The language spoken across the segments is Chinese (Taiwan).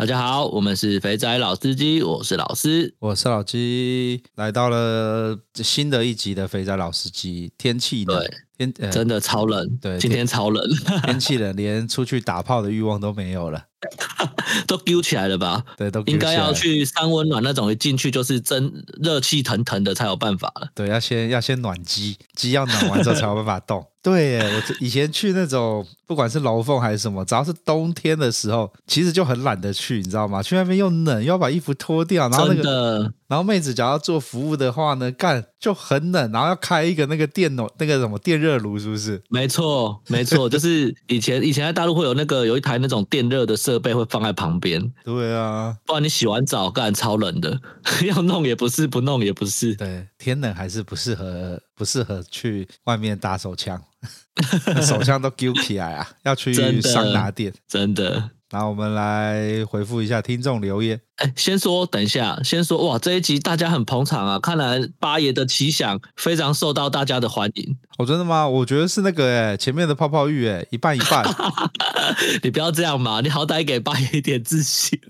大家好，我們是肥仔老司機，我是老師。我是老雞，來到了新的一集的肥仔老司機。天氣冷，對天、呃、真的超冷，對，天今天超冷，天氣冷，連出去打炮的慾望都沒有了， 都縮起來了吧？對，都應該要去三溫暖那種，一進去就是真熱氣騰騰的，才有辦法了。對，要先要先暖雞，雞要暖完之後才有辦法動。 對耶，我以前去那種不管是樓鳳還是什麼，只要是冬天的時候，其實就很懶得去，你知道嗎？去那邊又冷，又要把衣服脫掉，然後那個，然後妹子只要做服務的話呢，幹就很冷，然後要開一個那個電暖，那個什麼電熱爐，是不是？沒錯，沒錯，就是以前以前在大陸會有那個有一台那種電熱的設備會放在旁邊。對啊，不然你洗完澡幹超冷的， 要弄也不是，不弄也不是，對，天冷還是不適合。不適合去外面打手槍， 手槍都丟起來啊！要去桑拿店，真的。真的。然後我們來回復一下聽眾留言。誒，先說，等一下，先說，哇，這一集大家很捧場啊！看來八爺的奇想非常受到大家的歡迎。哦，真的嗎？我覺得是那個、欸，哎，前面的泡泡浴、欸，哎，一半一半。 你不要這樣嘛！你好歹給八爺一點自信。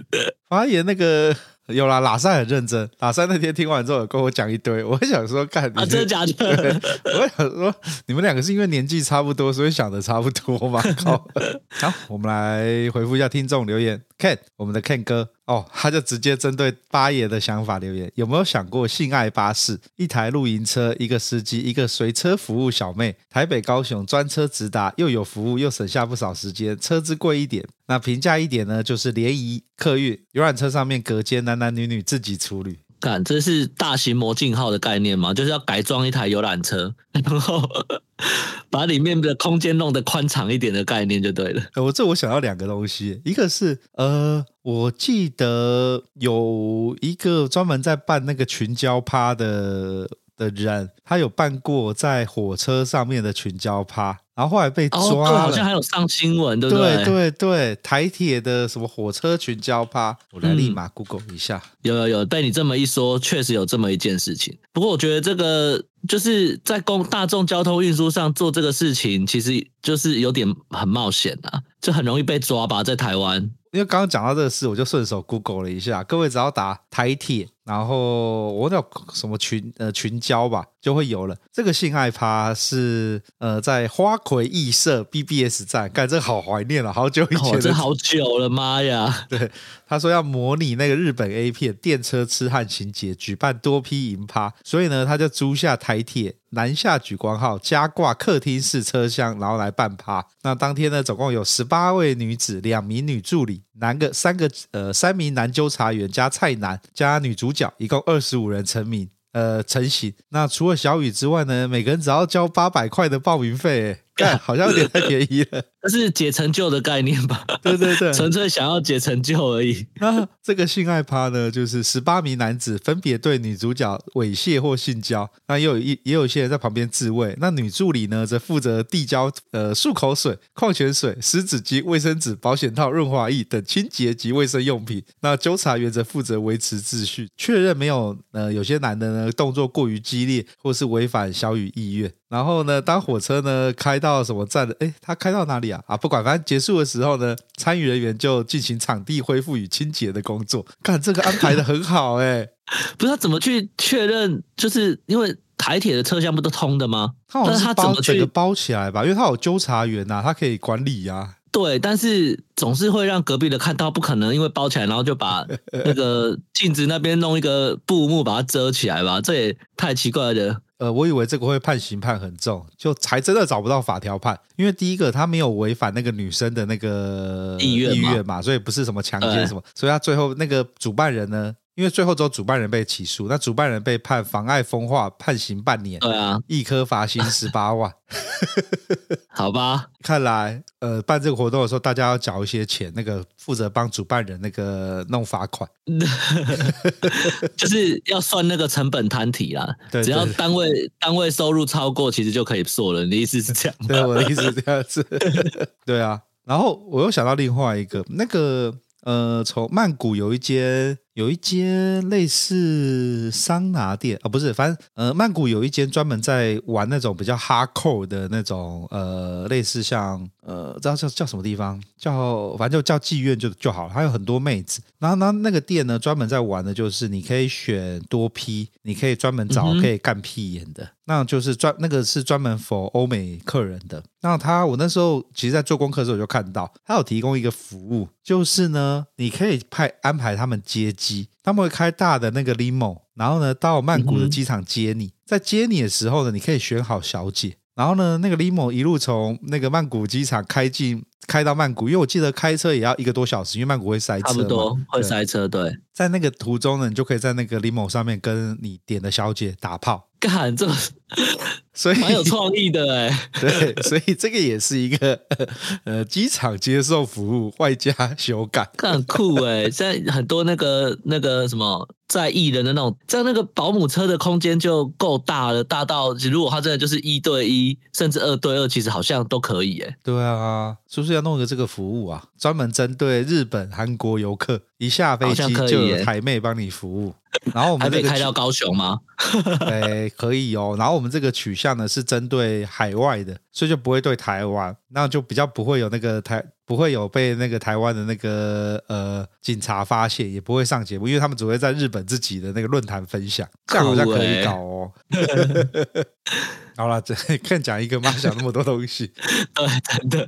八爺那個。有啦，喇薩很認真。喇薩那天聽完之後，有跟我講一堆。我想說，幹、啊，真的假的？我想說，你們兩個是因為年紀差不多，所以想的差不多吧？好，我們來回復一下聽眾留言。Ken，我們的 Ken 哥。哦，他就直接針對八爺的想法留言，有沒有想過性愛巴士？一台露營車，一個司機，一個隨車服務小妹，台北高雄專車直達，又有服務，又省下不少時間。車子貴一點，那平價一點呢？就是聯誼客運遊覽車上面隔間，男男女女自己處理。看，這是大型魔鏡號的概念嗎？就是要改裝一台遊覽車，然後 把裡面的空間弄得寬敞一點的概念就對了。欸，我這我想要兩個東西，一個是呃，我記得有一個專門在辦那個群交趴的的人，他有辦過在火車上面的群交趴，然後後來被抓了。哦，好像還有上新聞，對不對？對對對，台鐵的什麼火車群交趴，我來立馬 Google 一下。嗯，有有有，被你這麼一說，確實有這麼一件事情。不過我覺得這個就是在公大眾交通運輸上做這個事情，其實就是有點很冒險啊，就很容易被抓吧，在台灣。因為剛剛講到這個事，我就順手 Google 了一下，各位只要打台鐵，然後我那什麼群呃群交吧，就會有了。這個性愛趴是呃在花魁藝社 B B S 站，幹這好懷念了，好久以前。好、哦，這好久了，媽呀！ 對，他說要模擬那個日本 A 片電車痴漢情節，舉辦多批淫趴，所以呢，他就租下台鐵。南下莒光號加掛客廳式車廂，然後來辦趴。那當天呢，總共有十八位女子，兩名女助理，男個三個呃三名男糾察員加菜男加女主角，一共二十五人成名呃成型。那除了小雨之外呢，每個人只要交八百塊的報名費。好像有點太便宜了，這是解成就的概念吧？ 對對對，純粹想要解成就而已。那這個性愛趴呢，就是十八名男子分別對女主角猥褻或性交，那也有一也有一些人在旁邊自慰。那女助理呢，則負責遞交呃漱口水、礦泉水、濕紙巾、衛生紙、保險套、潤滑液等清潔及衛生用品。那糾察員則負責維持秩序，確認沒有呃有些男的呢動作過於激烈，或是違反小雨意願。然後呢，當火車呢開到。到什麼站的？哎，他開到哪裡啊？啊，不管，反正結束的時候呢，參與人員就進行場地恢復與清潔的工作。看這個安排的很好，欸，哎， 不是他怎麼去確認？就是因為台鐵的車廂不都通的嗎？是但是他怎麼去包起來吧？因為他有糾察員吶、啊，他可以管理呀、啊。對，但是總是會讓隔壁的看到，不可能因為包起來，然後就把那個鏡子那邊弄一個布幕把它遮起來吧？ 這也太奇怪了。呃，我以為這個會判刑判很重，就才真的找不到法條判，因為第一個他沒有違反那個女生的那個意願，意願嘛，所以不是什麼強姦什麼，哎，所以他最後那個主辦人呢，因為最後走主辦人被起訴，那主辦人被判妨礙風化，判刑半年。對啊，易科罰金十八萬。 好吧，看來呃，辦這個活動的時候，大家要繳一些錢，那個負責幫主辦人那個弄罰款， 就是要算那個成本攤體啦，對對對。只要單位單位收入超過，其實就可以做了。你的意思是這樣？ 對，我的意思是這樣子。 對啊，然後我又想到另外一個，那個呃，從曼谷有一間。有一間類似桑拿店啊，哦、不是，反正呃，曼谷有一間專門在玩那種比較哈扣的那種呃，類似像呃，知道叫叫什麼地方？叫反正就叫妓院就就好了。他有很多妹子，然後那那個店呢，專門在玩的就是你可以選多批，你可以專門找可以幹屁眼的，嗯，那就是專那個是專門 for 歐美客人的。那他我那時候其實，在做功課的時候我就看到，他有提供一個服務，就是呢，你可以派安排他們接。機，他們會開大的那個 limo，然後呢到曼谷的機場接你嗯嗯。在接你的時候呢，你可以選好小姐，然後呢那個 limo 一路從那個曼谷機場開進，開到曼谷。因為我記得開車也要一個多小時，因為曼谷會塞車，差不多會塞車對。對，在那個途中呢，你就可以在那個 limo 上面跟你點的小姐打炮。幹這麼。 所以蠻有創意的哎，對，所以這個也是一個呃機場接受服務外加修改，很酷欸。現在很多那個那個什麼，在藝人的那種，在那個保姆車的空間就夠大了，大到如果他真的就是一對一，甚至二對二，其實好像都可以哎、欸。對啊，是不是要弄個這個服務啊？專門針對日本、韓國遊客，一下飛機就有台妹幫你服務。然後我們這個還開到高雄嗎？ 誒？可以哦。然後我們這個取向呢是針對海外的，所以就不會對台灣，那就比較不會有那個台，不會有被那個台灣的那個呃警察發現，也不會上節目，因為他們只會在日本自己的那個論壇分享。這樣好像可以搞哦。欸、 好了，這看講一個嘛講 那麼多東西，對、呃，真的。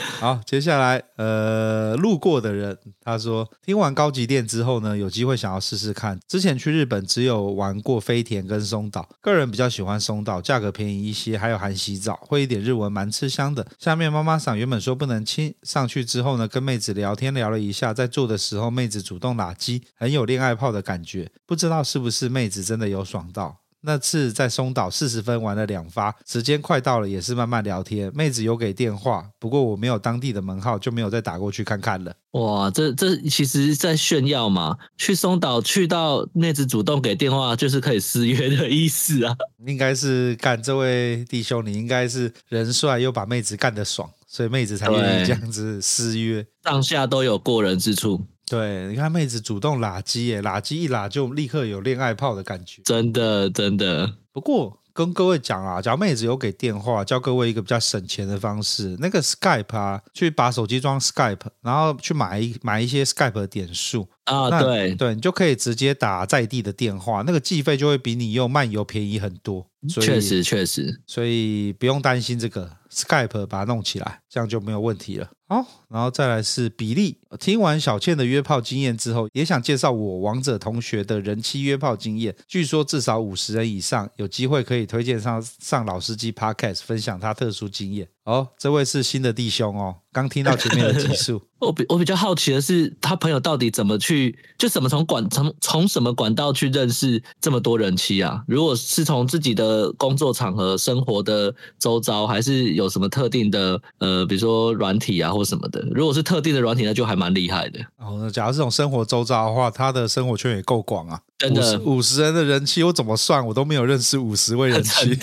好，接下來，呃，路過的人他說，聽完高級店之後呢，有機會想要試試看。之前去日本只有玩過飛田跟松島，個人比較喜歡松島，價格便宜一些，還有含洗澡，會一點日文，蠻吃香的。下面媽媽桑原本說不能親，上去之後呢，跟妹子聊天聊了一下，在做的時候妹子主動打擊，很有戀愛炮的感覺，不知道是不是妹子真的有爽到。那次在松島四十分玩了兩發，時間快到了，也是慢慢聊天。妹子有給電話，不過我沒有當地的門號，就沒有再打過去看看了。哇，這這其實在炫耀嘛？去松島去到妹子主動給電話，就是可以失約的意思啊？應該是幹，這位弟兄，你應該是人帥又把妹子幹得爽，所以妹子才會這樣子失約，上下都有過人之處。對，你看妹子主動拉機欸，拉機一拉就立刻有戀愛泡的感覺，真的真的。不過跟各位講啊，假如妹子有給電話，教各位一個比較省錢的方式，那個 Skype 啊，去把手機裝 Skype，然後去買一買一些 Skype 的點數啊、哦，對對，你就可以直接打在地的電話，那個計費就會比你用漫遊便宜很多。所以確實確實，所以不用擔心這個 Skype 把它弄起來。這樣就沒有問題了。好、哦，然後再來是比利。聽完小倩的約炮經驗之後，也想介紹我王者同學的人妻約炮經驗。據說至少五十人以上，有機會可以推薦上上老司機 Podcast 分享他特殊經驗。哦，這位是新的弟兄哦，剛聽到前面的技術。 我比我比較好奇的是，他朋友到底怎麼去，就怎麼從管從從什麼管道去認識這麼多人妻啊？如果是從自己的工作場合、生活的周遭，還是有什麼特定的呃？比如說軟體啊，或者什麼的，如果是特定的軟體，那就還蠻厲害的。哦，假如這種生活周遭的話，他的生活圈也夠廣啊。真的，五十人的人氣我怎麼算，我都沒有認識五十位人氣，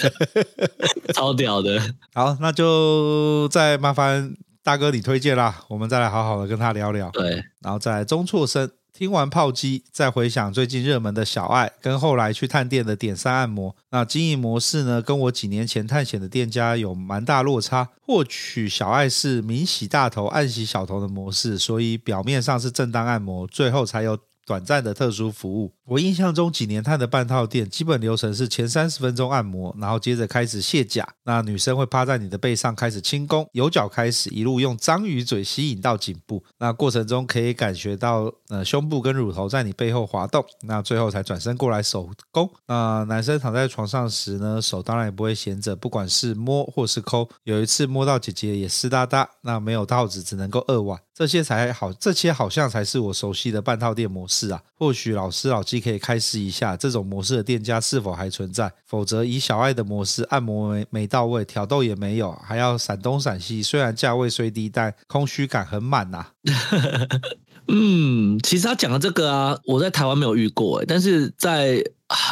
超屌的。好，那就再麻煩。大哥，你推薦啦，我們再來好好的跟他聊聊。對，然後再來中錯聲。聽完炮擊，再回想最近熱門的小愛，跟後來去探店的點三按摩，那經營模式呢，跟我幾年前探險的店家有蠻大落差。獲取小愛是明洗大頭，暗洗小頭的模式，所以表面上是正當按摩，最後才有短暫的特殊服務。我印象中，幾年探的半套店基本流程是前三十分鐘按摩，然後接着開始卸甲。那女生會趴在你的背上開始輕功，由腳開始一路用章魚嘴吸引到頸部。那過程中可以感覺到，呃，胸部跟乳頭在你背後滑動。那最後才轉身過來手工。那男生躺在床上時呢，手當然也不會閒着，不管是摸或是摳。有一次摸到姐姐也濕噠噠，那沒有套子，只能夠二挖。這些才好，這些好像才是我熟悉的半套店模式啊。或許老師老金，可以開始一下這種模式的店家是否還存在？否則以小愛的模式，按摩沒沒到位，挑逗也沒有，還要閃東閃西。雖然價位雖低，但空虛感很滿吶啊。 嗯，其實他講的這個啊，我在台灣沒有遇過欸，但是在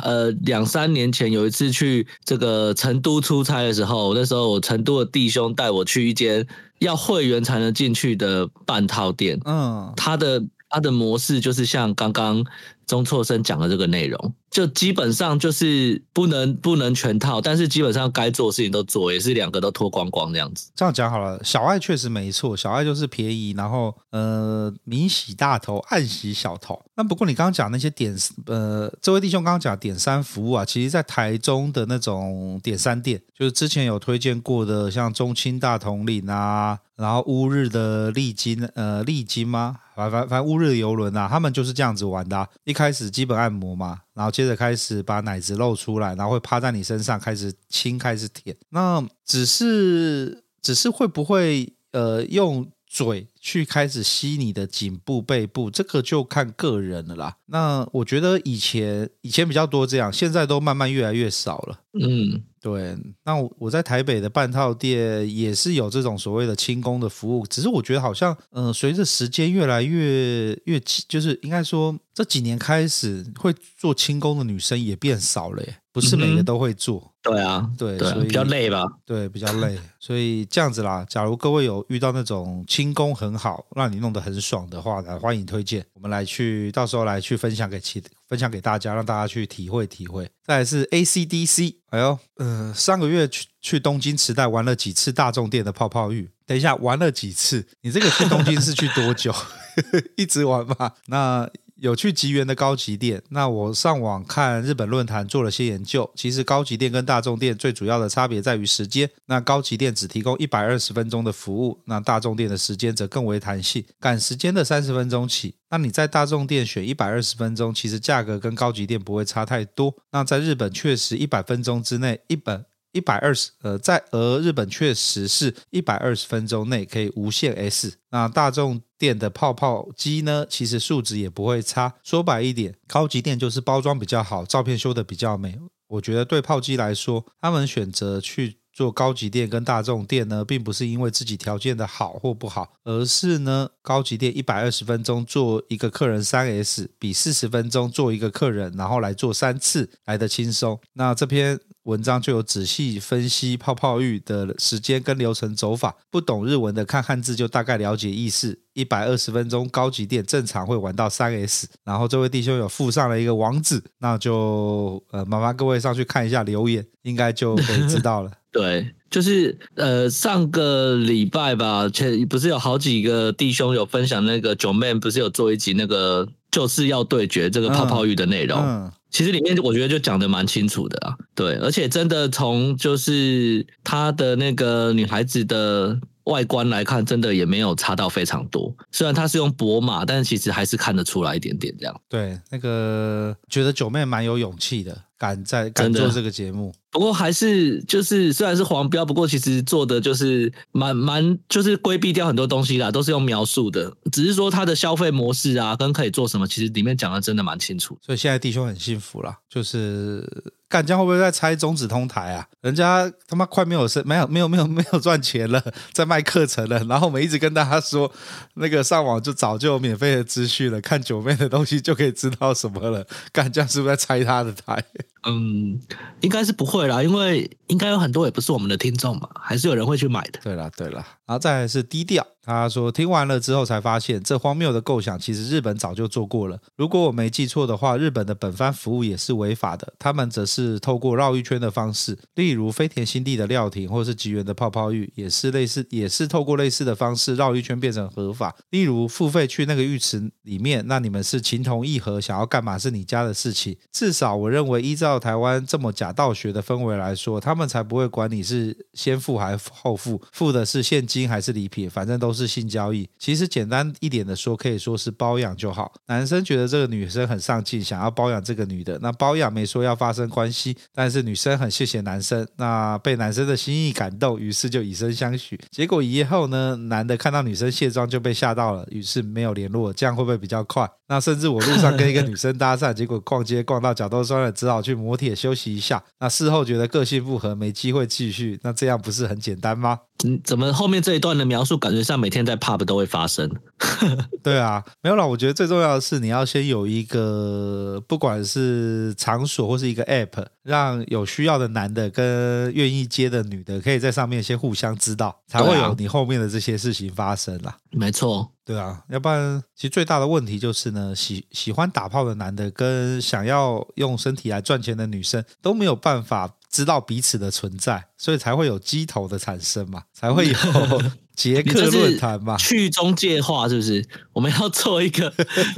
呃兩三年前有一次去這個成都出差的時候，那時候我成都的弟兄帶我去一間要會員才能進去的半套店，嗯，他的他的模式就是像剛剛。中錯生講的這個內容，就基本上就是不能不能全套，但是基本上該做的事情都做，也是兩個都脫光光這樣子。這樣講好了，小愛確實沒錯，小愛就是便宜，然後呃明洗大頭，暗洗小頭。那不過你剛剛講那些點，呃，這位弟兄剛剛講點三服務啊，其實在台中的那種點三店，就是之前有推薦過的，像中清大統領啊，然後烏日的麗金，呃麗金嗎？反反反正烏日的遊輪啊，他們就是這樣子玩的啊。啊開始基本按摩嘛，然後接着開始把奶子露出來，然後會趴在你身上開始親，開始舔。那只是，只是會不會呃用？嘴去開始吸你的頸部、背部，這個就看個人了啦。那我覺得以前以前比較多這樣，現在都慢慢越來越少了。嗯，對。那我在台北的半套店也是有這種所謂的輕功的服務，只是我覺得好像，嗯、呃，隨着時間越來越越，就是應該說這幾年開始會做輕功的女生也變少了耶，不是每個都會做。嗯嗯、對，對啊，對，所以比較累吧？對，比較累， 所以這樣子啦。假如各位有遇到那種輕功很好，讓你弄得很爽的話呢，歡迎推薦，我們來去到時候來去分享給其分享給大家，讓大家去體會體會。再來是 ACDC，哎呦，嗯、呃，上個月去去東京池袋玩了幾次大眾店的泡泡浴，等一下玩了幾次？你這個去東京是去多久？ 一直玩吧。那。有去吉原的高級店，那我上網看日本論壇做了些研究。其實高級店跟大眾店最主要的差別在於時間。那高級店只提供一百二十分鐘的服務，那大眾店的時間則更為彈性，趕時間的三十分鐘起。那你在大眾店選一百二十分鐘，其實價格跟高級店不會差太多。那在日本確實一百分鐘之內一本。一百二十，呃，在而日本確實是一百二十分鐘內可以無限 S。那大眾店的泡泡機呢，其實素質也不會差。說白一點，高級店就是包裝比較好，照片修得比較美。我覺得對泡機來說，他們選擇去做高級店跟大眾店呢，並不是因為自己條件的好或不好，而是呢，高級店一百二十分鐘做一個客人三 S，比四十分鐘做一個客人，然後來做三次來得輕鬆。那這篇。文章就有仔細分析泡泡浴的時間跟流程走法，不懂日文的看漢字就大概了解意思。一百二十分鐘高級店正常會玩到三 S，然後這位弟兄有附上了一個網址，那就呃麻煩各位上去看一下留言，應該就可以知道了。 對，就是呃上個禮拜吧，前不是有好幾個弟兄有分享那個九妹，Jermaine、不是有做一集那個就是要對決這個泡泡浴的內容。嗯嗯其實裡面我覺得就講得蠻清楚的啊，對，而且真的從就是他的那個女孩子的。外觀來看，真的也沒有差到非常多。雖然它是用薄碼，但是其實還是看得出來一點點這樣。對，那個覺得九妹蠻有勇氣的，敢在敢做這個節目。不過還是就是，雖然是黃標，不過其實做的就是蠻蠻，就是規避掉很多東西啦，都是用描述的。只是說它的消費模式啊，跟可以做什麼，其實裡面講的真的蠻清楚。所以現在弟兄很幸福啦，就是。幹將會不會在拆中指通台啊？人家他媽快沒有生沒有沒有沒有沒有賺錢了，在賣課程了。然後我們一直跟大家說，那個上網就早就有免費的資訊了，看九妹的東西就可以知道什麼了。幹將是不是在拆他的台？嗯，應該是不會啦，因為應該有很多也不是我們的聽眾嘛，還是有人會去買的。對啦對啦，然後再來是低調，他說聽完了之後才發現，這荒謬的構想其實日本早就做過了。如果我沒記錯的話，日本的本番服務也是違法的，他們則是透過繞一圈的方式，例如飛田新地的料亭，或是吉原的泡泡浴，也是類似，也是透過類似的方式繞一圈變成合法。例如付費去那個浴池裡面，那你們是情投意合，想要幹嘛是你家的事情。至少我認為依照。台灣這麼假道學的氛圍來說，他們才不會管你是先付還是後付，付的是現金還是禮品，反正都是性交易。其實簡單一點的說，可以說是包養就好。男生覺得這個女生很上進，想要包養這個女的。那包養沒說要發生關係，但是女生很謝謝男生，那被男生的心意感動，於是就以身相許。結果一夜後呢，男的看到女生卸妝就被嚇到了，於是沒有聯絡。這樣會不會比較快？那甚至我路上跟一個女生搭訕， 結果逛街逛到腳都痠了，只好去。摩鐵休息一下，那事後覺得個性不合，沒機會繼續，那這樣不是很簡單嗎？嗯，怎麼後面這一段的描述感覺像每天在 pub 都會發生？ 對啊，沒有了沒有啦。我覺得最重要的是，你要先有一個，不管是場所或是一個 app，讓有需要的男的跟願意接的女的，可以在上面先互相知道，才會有你後面的這些事情發生啦。啊、沒錯啊，沒錯。對啊，要不然其實最大的問題就是呢，喜喜歡打炮的男的跟想要用身體來賺錢的女生都沒有辦法知道彼此的存在，所以才會有雞頭的產生嘛，才會有。 傑克論壇嘛，去中介化是不是？ 我們要做一個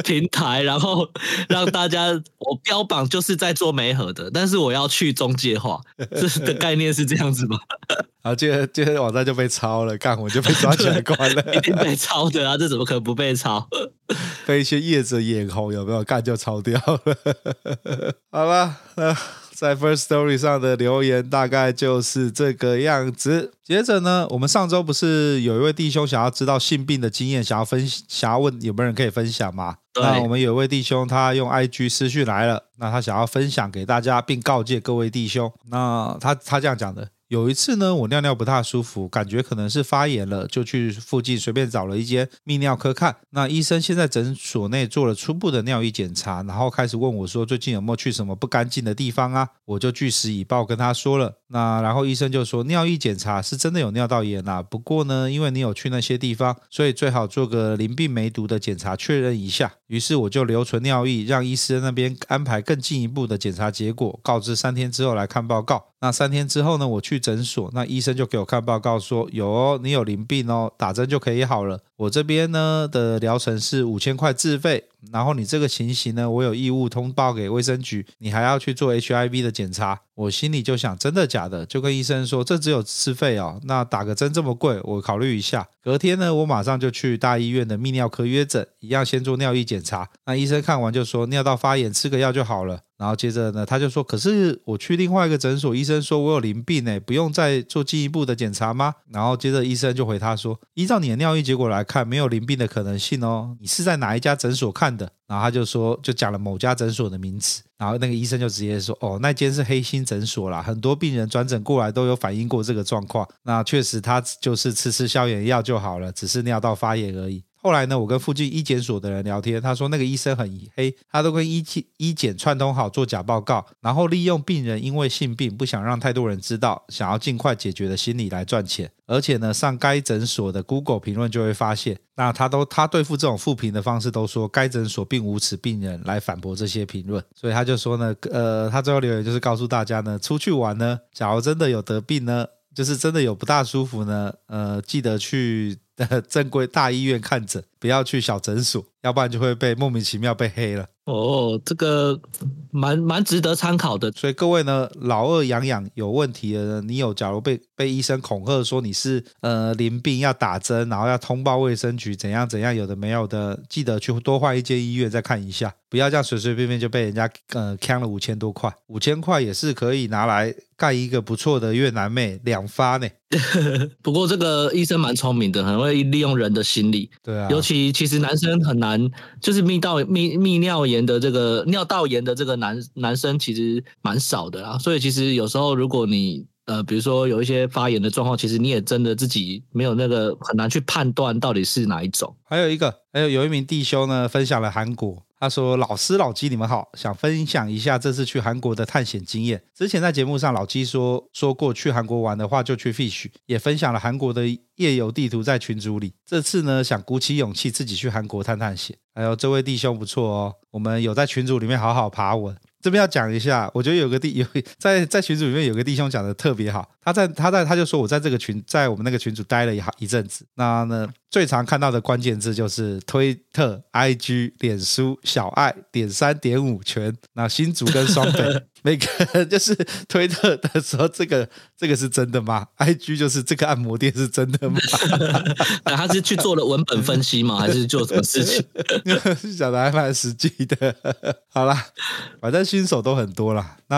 平台，然後讓大家我標榜就是在做媒合的，但是我要去中介化， 這的概念是這樣子嗎？然這個這個網站就被抄了，幹我就被抓起來關了， 一定被抄的啊！這怎麼可能不被抄？被一些業者眼紅有沒有？幹就抄掉了， 好吧。好在 Firstory 上的留言大概就是這個樣子。接着呢，我們上周不是有一位弟兄想要知道性病的經驗，想要分，想要問有沒有人可以分享嗎？對。那我們有一位弟兄他用 IG 私訊來了，那他想要分享給大家，並告誡各位弟兄。那他他這樣講的。有一次呢，我尿尿不太舒服，感覺可能是發炎了，就去附近隨便找了一間泌尿科看。那醫生先在診所內做了初步的尿液檢查，然後開始問我說最近有沒有去什麼不乾淨的地方啊？我就據實以報跟他說了。那然後醫生就說尿液檢查是真的有尿道炎啊。不過呢，因為你有去那些地方，所以最好做個淋病梅毒的檢查確認一下。於是我就留存尿液，讓醫生那邊安排更進一步的檢查結果，告知三天之後來看報告。那三天之後呢，我去診所，那醫生就給我看報告說，說有哦，你有淋病哦，打針就可以好了。我這邊呢的療程是五千塊自費。然後你這個情形呢，我有義務通報給衛生局，你還要去做 HIV 的檢查。我心裡就想，真的假的？就跟醫生說，這只有自費哦。那打個針這麼貴，我考慮一下。隔天呢，我馬上就去大醫院的泌尿科約診，一樣先做尿液檢查。那醫生看完就說，尿道發炎，吃個藥就好了。然後接着呢，他就說，可是我去另外一個診所，醫生說我有淋病呢，不用再做進一步的檢查嗎？然後接着醫生就回他說，依照你的尿液結果來看，沒有淋病的可能性哦。你是在哪一家診所看？的，然後他就說，就講了某家診所的名詞，然後那個醫生就直接說，哦，那間是黑心診所啦，很多病人轉診過來都有反映過這個狀況，那確實他就是吃吃消炎藥就好了，只是尿道發炎而已。後來呢，我跟附近醫檢所的人聊天，他說那個醫生很黑，他都跟醫醫檢串通好做假報告，然後利用病人因為性病不想讓太多人知道，想要盡快解決的心理來賺錢。而且呢，上該診所的 Google 評論就會發現，那他都他對付這種負評的方式，都說該診所並無此病人來反駁這些評論。所以他就說呢，呃，他最後留言就是告訴大家呢，出去玩呢，假如真的有得病呢，就是真的有不大舒服呢，呃，記得去。正規大醫院看診，不要去小診所，要不然就會被莫名其妙被黑了。哦，這個蠻蠻值得參考的。所以各位呢，老二癢癢有問題的，你有假如被被醫生恐嚇說你是呃淋病要打針，然後要通報衛生局怎樣怎樣，有的沒有的，記得去多換一間醫院再看一下，不要這樣隨隨便便就被人家呃坑了五千多塊，五千塊也是可以拿來蓋一個不錯的越南妹兩發呢。呵呵呵，不過這個醫生蠻聰明的，很會利用人的心理。對啊，尤其其實男生很難，就是泌尿泌泌尿炎的這個尿道炎的這個男男生其實蠻少的啦。所以其實有時候如果你呃，比如說有一些發炎的狀況，其實你也真的自己沒有那個很難去判斷到底是哪一種。還有一個，還有有一名弟兄呢，分享了韓國。他說：“老師老雞你們好，想分享一下這次去韓國的探險經驗。之前在節目上，老雞說說過去韓國玩的話，就去 fish，也分享了韓國的夜遊地圖在群組裡。這次呢，想鼓起勇氣自己去韓國探探險。還、哎、有這位弟兄不錯哦，我們有在群組裡面好好爬文。”這邊要講一下，我覺得有個弟有在在群組裡面有個弟兄講的特別好，他在他在他就說，我在這個群在我們那個群組待了一哈一陣子，那呢最常看到的關鍵字就是推特、IG、臉書、小愛、點三點五全，那新竹跟雙北。 那個就是推特的時候，這個這個是真的嗎？IG 就是這個按摩店是真的嗎？ 他是去做了文本分析嗎？還是做什麼事情？ 想的還蠻實際的。好了，反正新手都很多了。那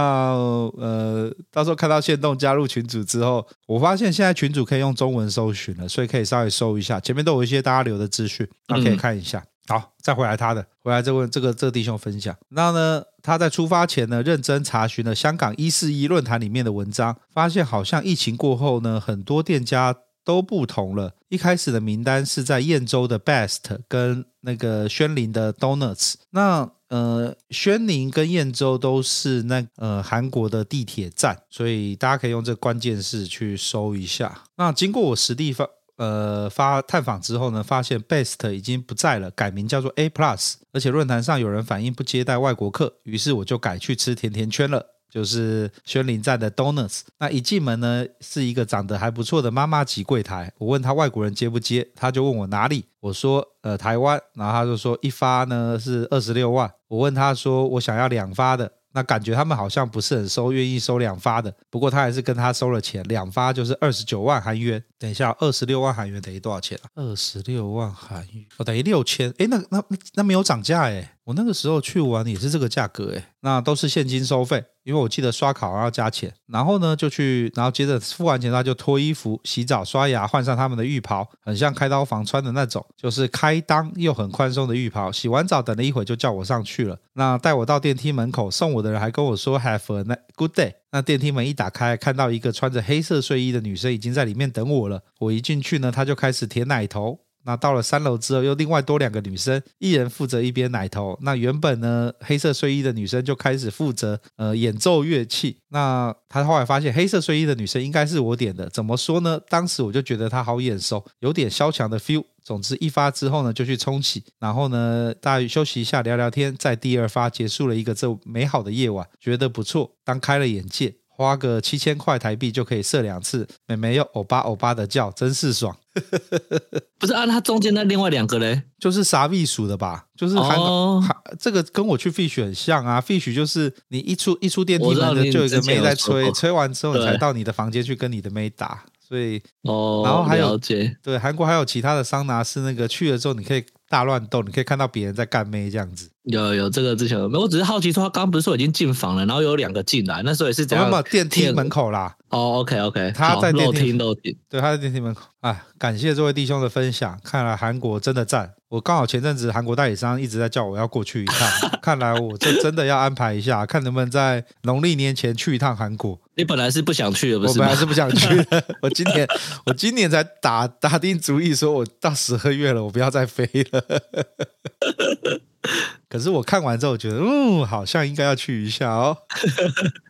呃，到時候看到限動加入群組之後，我發現現在群組可以用中文搜尋了，所以可以稍微搜一下。前面都有一些大家留的資訊，大家可以看一下。嗯好，再回來他的，回來再問這個這個弟兄分享。那呢，他在出發前呢，認真查詢了香港一四一論壇裡面的文章，發現好像疫情過後呢，很多店家都不同了。一開始的名單是在燕州的 Best 跟那個宣寧的 Donuts。那呃，宣寧跟燕州都是那呃韓國的地鐵站，所以大家可以用這個關鍵字去搜一下。那經過我實地發。呃，發探訪之後呢，發現 Best 已經不在了，改名叫做 A Plus，而且論壇上有人反映不接待外國客，於是我就改去吃甜甜圈了，就是宣林站的 Donuts。那一進門呢，是一個長得還不錯的媽媽級櫃台，我問他外國人接不接，他就問我哪裡，我說呃台灣，然後他就說一發呢是二十六萬，我問他說我想要兩發的。那感覺他們好像不是很收，願意收兩發的。不過他還是跟他收了錢，兩發就是二十九萬韓元。等一下，二十六萬韓元等於多少錢啊？二十六萬韓元，哦，等於六千。誒，那那那，那沒有漲價誒、欸。我那個時候去玩也是這個價格誒、欸，那都是現金收費，因為我記得刷卡要加錢。然後呢，就去，然後接着付完錢，他就脫衣服、洗澡、刷牙，換上他們的浴袍，很像開刀房穿的那種，就是開襠又很寬鬆的浴袍。洗完澡，等了一會就叫我上去了。那帶我到電梯門口，送我的人還跟我說 “Have a good day”。那電梯門一打開，看到一個穿着黑色睡衣的女生已經在裡面等我了。我一進去呢，她就開始舔奶頭。那到了三樓之後，又另外多兩個女生，一人負責一邊奶頭。那原本呢，黑色睡衣的女生就開始負責呃演奏樂器。那她後來發現，黑色睡衣的女生應該是我點的。怎麼說呢？當時我就覺得她好眼熟，有點蕭薔的 feel。總之一發之後呢，就去沖洗，然後呢，大家休息一下聊聊天。在第二發結束了一個這美好的夜晚，覺得不錯，當開了眼界。花個七千塊台幣就可以射兩次，妹妹又歐巴歐巴的叫，真是爽。 不是、啊，按他中間那另外兩個嘞，就是殺秘書的吧？就是韓韓，oh. 這個跟我去 fish 很像啊。Oh. fish 就是你一出一出電梯門，就有一個妹在吹，吹完之後你才到你的房間去跟你的妹打。所以哦，oh, 然後還有對韓國還有其他的桑拿是那個去了之後你可以，大亂鬥，你可以看到別人在幹咩？這樣子，有有這個之前有，我只是好奇說，他剛剛不是說已經進房了，然後有兩個進來，那時候也是這樣，在電梯門口啦。哦，OK OK，他在電梯門口，對，他在電梯門口。哎，感謝這位弟兄的分享，看來韓國真的讚。我剛好前陣子韓國代理商一直在叫我要過去一趟， 看來我這真的要安排一下，看能不能在農曆年前去一趟韓國。你本來是不想去的不是？我本來是不想去的。 我今年我今年才打打定主意，說我到十二月了，我不要再飛了。 可是我看完之後覺得，嗯，好像應該要去一下哦。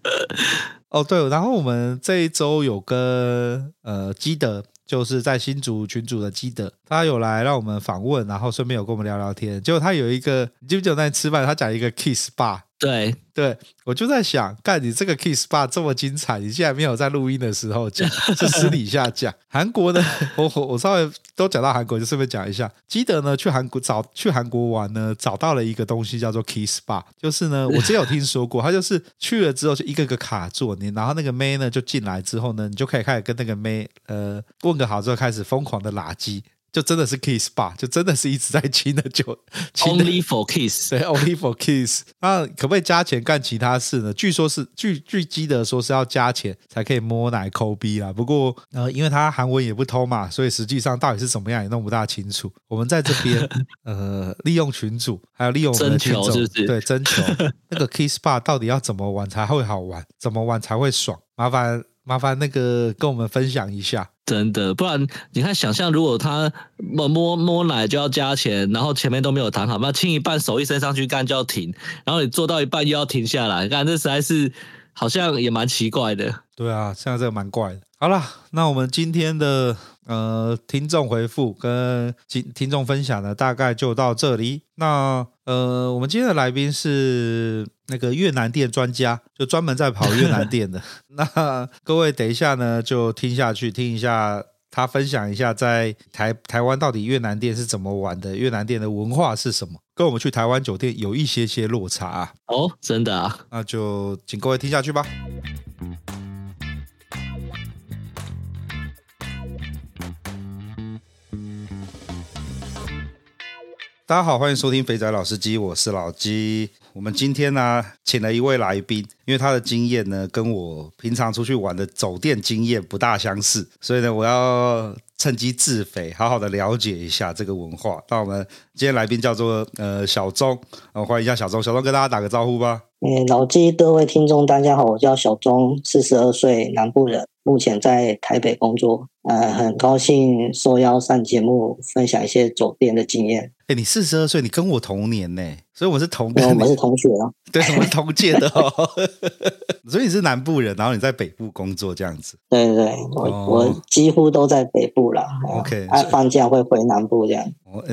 哦對，然後我們這一周有跟呃基德。就是在新竹群組的基德，他有來讓我們訪問，然後順便有跟我們聊聊天。結果他有一個，你記不記得在吃飯？他講一個 Kiss Bar，對對，我就在想，幹你這個 Kiss Bar 這麼精彩，你竟然沒有在錄音的時候講，是私底下講。 韓國的，我我我稍微。都講到韓國，就順便講一下，基德呢去韓國找去韓國玩呢，找到了一個東西叫做 Key Spa 就是呢，我之前有聽說過， 他就是去了之後就一個個卡座，你然後那個妹呢就進來之後呢，你就可以開始跟那個妹呃問個好之後開始瘋狂的拉機。就真的是 kiss bar，就真的是一直在親的就，就 only for kiss，對，only for kiss。那可不可以加錢幹其他事呢？據說是據據記得說是要加錢才可以摸奶摳逼啦。不過呃，因為他韓文也不通嘛，所以實際上到底是怎麼樣也弄不大清楚。我們在這邊 呃，利用群組還有利用我們的群組、就是、對，徵求 那個 kiss bar 到底要怎麼玩才會好玩，怎麼玩才會爽？麻煩。麻煩那個跟我們分享一下，真的，不然你看，想象如果他摸摸摸奶就要加錢，然後前面都沒有談好，那親一半手一伸上去幹就要停，然後你做到一半又要停下來，幹這實在是好像也蠻奇怪的。對啊，現在這個蠻怪的。好了，那我們今天的。呃，聽眾回復跟聽眾分享呢，大概就到這裡。那呃，我們今天的來賓是那個越南店專家，就專門在跑越南店的。 那各位等一下呢，就聽下去，聽一下他分享一下在台台灣到底越南店是怎麼玩的，越南店的文化是什麼，跟我們去台灣酒店有一些些落差。哦，真的啊？那就請各位聽下去吧。大家好，歡迎收聽《肥仔老司機》，我是老雞。我們今天呢、啊，請了一位來賓，因為他的經驗呢，跟我平常出去玩的走店經驗不大相似，所以呢，我要趁機自肥，好好的了解一下這個文化。那我們今天來賓叫做呃小鍾，然後歡迎一下小鍾。小鍾跟大家打個招呼吧。老雞，各位聽眾，大家好，我叫小鍾，四十二歲，南部人，目前在台北工作。呃，很高興受邀上節目，分享一些酒店的經驗。哎、欸，你四十二歲，你跟我同年呢、欸，所以我是同，我們是同學、哦，對，我們同屆的哦。 所以你是南部人，然後你在北部工作這樣子。對對，對、哦、我我幾乎都在北部了、哦啊。OK，放假會回南部這樣。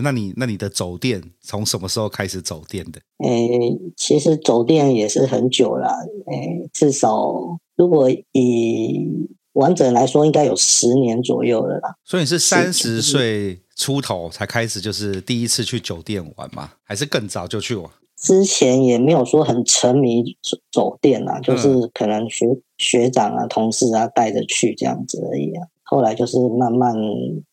那你那你的走店從什麼時候開始走店的？哎、呃，其實走店也是很久了，哎、呃，至少如果以。完整來說，應該有十年左右了啦。所以你是三十歲出頭才開始，就是第一次去酒店玩嘛，還是更早就去玩？之前也沒有說很沉迷酒店啊，就是可能學學長啊、同事啊帶着去這樣子而已啊。後來就是慢慢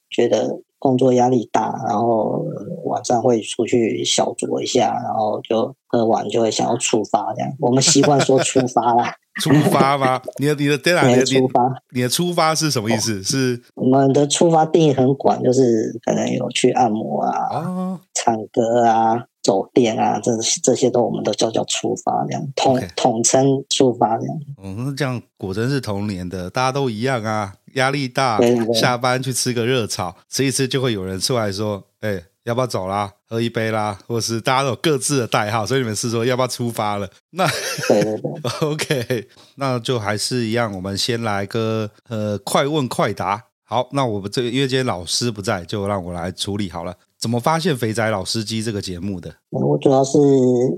覺得。工作壓力大，然後晚上會出去小酌一下，然後就喝完就會想要出發，這樣我們習慣說出發啦，出 發嗎？你的你的 d i 出發你的出發，發是什麼意思？哦、是我們的出發定義很廣，就是可能有去按摩啊、唱、啊、歌啊、走店啊，這這些都我們都叫叫出發，這樣統統稱出發，這樣。那、Okay. 這，嗯、這樣果真是同年的，大家都一樣啊。壓力大，對對對，下班去吃個熱炒，對對對，吃一吃就會有人出來說：“哎，要不要走啦？喝一杯啦？”或是大家都有各自的代號，所以你們是說要不要出發了？那對對對 OK，那就還是一樣，我們先來個呃快問快答。好，那我們這個因為今天老師不在，就讓我來處理好了。怎麼發現《肥宅老司機》這個節目的？我主要是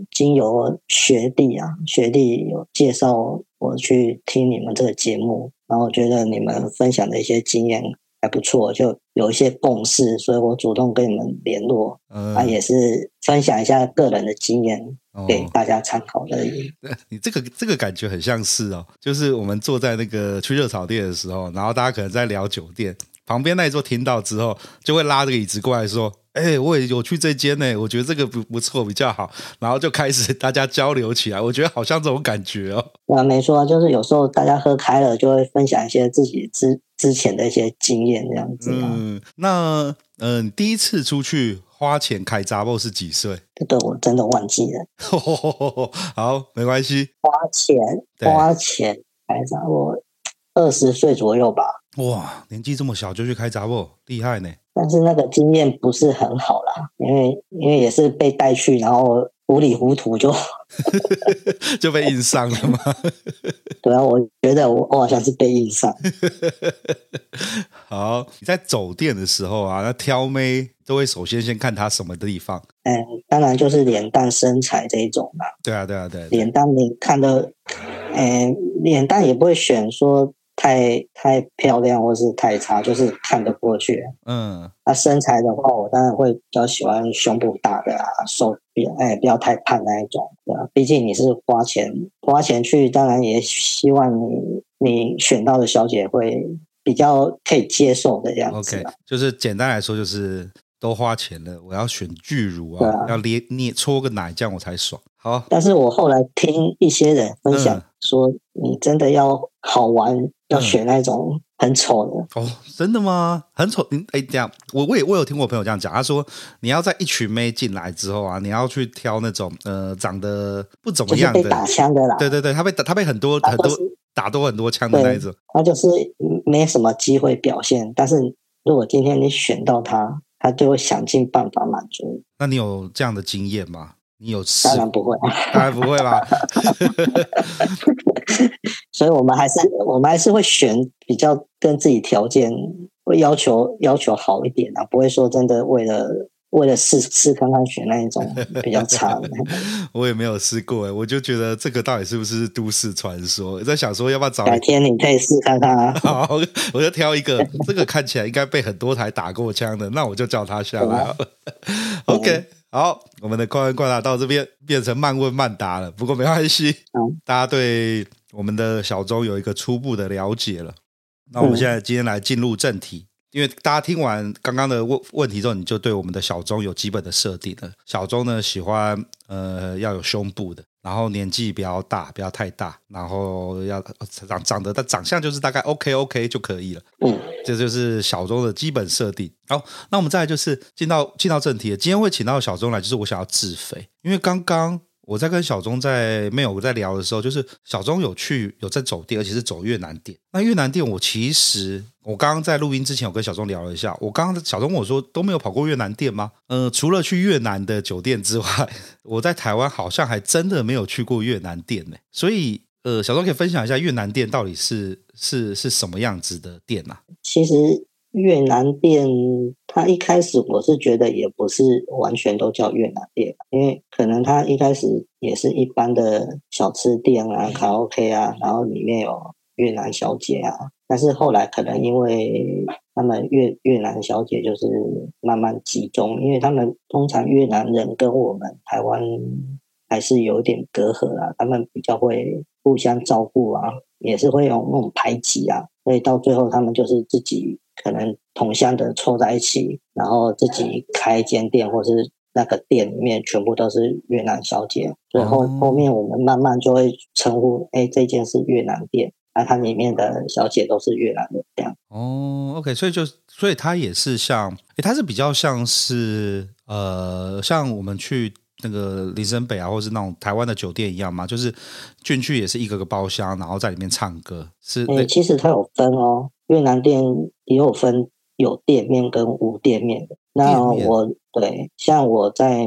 經由學弟啊，學弟有介紹我去聽你們這個節目。然後我覺得你們分享的一些經驗還不錯，就有一些共識，所以我主動跟你們聯絡，嗯、啊，也是分享一下個人的經驗給大家參考而已。哦、對你這個這個感覺很像是哦，就是我們坐在那個去熱炒店的時候，然後大家可能在聊酒店，旁邊那一桌聽到之後，就會拉這個椅子過來說。哎、欸，我也有去這間呢、欸，我覺得這個不不錯，比較好。然後就開始大家交流起來，我覺得好像這種感覺哦。我、啊、沒說，就是有時候大家喝開了，就會分享一些自己之之前的一些經驗這樣子。嗯，那嗯，第一次出去花錢開查某是幾歲？這個我真的忘記了呵呵呵。好，沒關係。花錢花錢開查某，二十歲左右吧。哇，年紀這麼小就去開查某，厲害呢。但是那個經驗不是很好啦，因為因為也是被帶去，然後糊裡糊塗就 就被硬上了嘛。 對啊，我覺得我，我好像是被硬上。 好，你在走店的時候啊，那挑妹都會首先先看她什麼的地方？嗯，當然就是臉蛋、身材這一種嘛，對啊，對啊，對、啊，啊啊、臉蛋你看的，嗯，臉蛋也不會選說。太太漂亮，或是太差，就是看得過去。嗯，那、啊、身材的話，我當然會比較喜歡胸部大的啊，手比哎，不要太胖那一種，畢竟你是花錢花錢去，當然也希望你你選到的小姐會比較可以接受的樣子。OK，就是簡單來說，就是都花錢了，我要選巨乳啊、嗯，要捏捏搓個奶這樣我才爽。好，但是我後來聽一些人分享說，嗯、你真的要好玩。要選那種很醜的、嗯、哦？真的嗎？很醜？哎、欸，這樣，我我也我有聽過我朋友這樣講，他說你要在一群妹進來之後啊，你要去挑那種呃長得不怎麼樣的，就是、打槍的啦，對對對，他被他被很多很多打多很多槍的那種，他就是沒什麼機會表現。但是如果今天你選到他，他就會想盡辦法滿足。那你有這樣的經驗嗎？你有是？當然不會，當然不會啦。 所以，我們還是我們還是會選比較跟自己條件會要求要求好一點的，啊，不會說真的為了為了試試看看選那一種比較差的。 我也沒有試過，我就覺得這個到底是不是都市傳說？我在想說，要不要找？改天你可以試看看，啊。 好，我就挑一個，這個看起來應該被很多台打過槍的，那我就叫他下來。 OK、嗯、好，我們的快問快答到這邊變成慢問慢答了，不過沒關係、嗯，大家對。我們的小宗有一個初步的了解了，那我們現在今天來進入正題，因為大家聽完剛剛的問問題之後，你就對我們的小宗有基本的設定了。小宗呢，喜歡呃要有胸部的，然後年紀比較大，不要太大，然後要長長得，他長相就是大概 OK OK 就可以了。嗯，這就是小宗的基本設定。好，那我們再來就是進到進到正題，今天會請到小宗來，就是我想要自肥，因為剛剛。我在跟小鍾在沒有我在聊的時候，就是小鍾有去有在走店，而且是走越南店。那越南店，我其實我剛剛在錄音之前，我跟小鍾聊了一下。我剛剛小鍾問我說：“都沒有跑過越南店嗎？”嗯、呃，除了去越南的酒店之外，我在台灣好像還真的沒有去過越南店呢，欸。所以，呃，小鍾可以分享一下越南店到底是是是什麼樣子的店呢、啊？其實。越南店，它一開始我是覺得也不是完全都叫越南店，因為可能它一開始也是一般的小吃店啊、卡拉 OK 啊，然後裡面有越南小姐啊。但是後來可能因為他們越越南小姐就是慢慢集中，因為他們通常越南人跟我們台灣還是有一點隔閡啊，他們比較會互相照顧啊，也是會有那種排擠啊，所以到最後他們就是自己。可能同鄉的湊在一起，然後自己開間店，或是那個店裡面全部都是越南小姐。所以後、嗯、後面我們慢慢就會稱呼，哎、欸，這一間是越南店，那、啊、它裡面的小姐都是越南的這樣。哦，OK，所以就所以它也是像，哎、欸，它是比較像是呃，像我們去那個林森北啊，或是那種台灣的酒店一樣嘛，就是進去也是一個個包廂，然後在裡面唱歌。是，欸欸、其實它有分哦。越南店也有分有店面跟無店面的。面那我對，像我在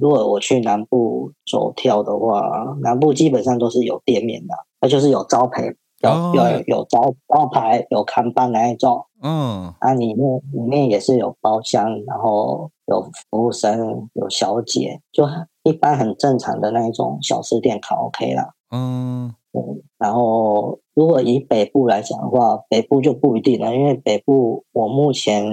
如果我去南部走跳的話，南部基本上都是有店面的，那就是有招牌，有、oh. 有有招招牌，有看板來招。嗯、oh.，啊，裡面裡面也是有包廂，然後有服務生，有小姐，就一般很正常的那一種小吃店，卡 OK 啦。嗯、um.。嗯、然後，如果以北部來講的話，北部就不一定了，因為北部我目前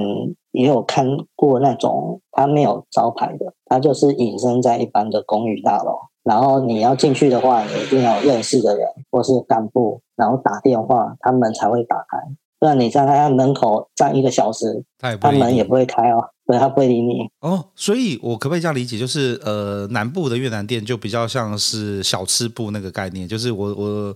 也有看過那種他沒有招牌的，他就是隱身在一般的公寓大樓，然後你要進去的話，你一定要認識的人或是幹部，然後打電話，他們才會打開，不然你站在他家門口站一個小時，他門也不會開哦。不要不理你哦，所以我可不可以這樣理解，就是呃，南部的越南店就比較像是小吃部那個概念，就是我我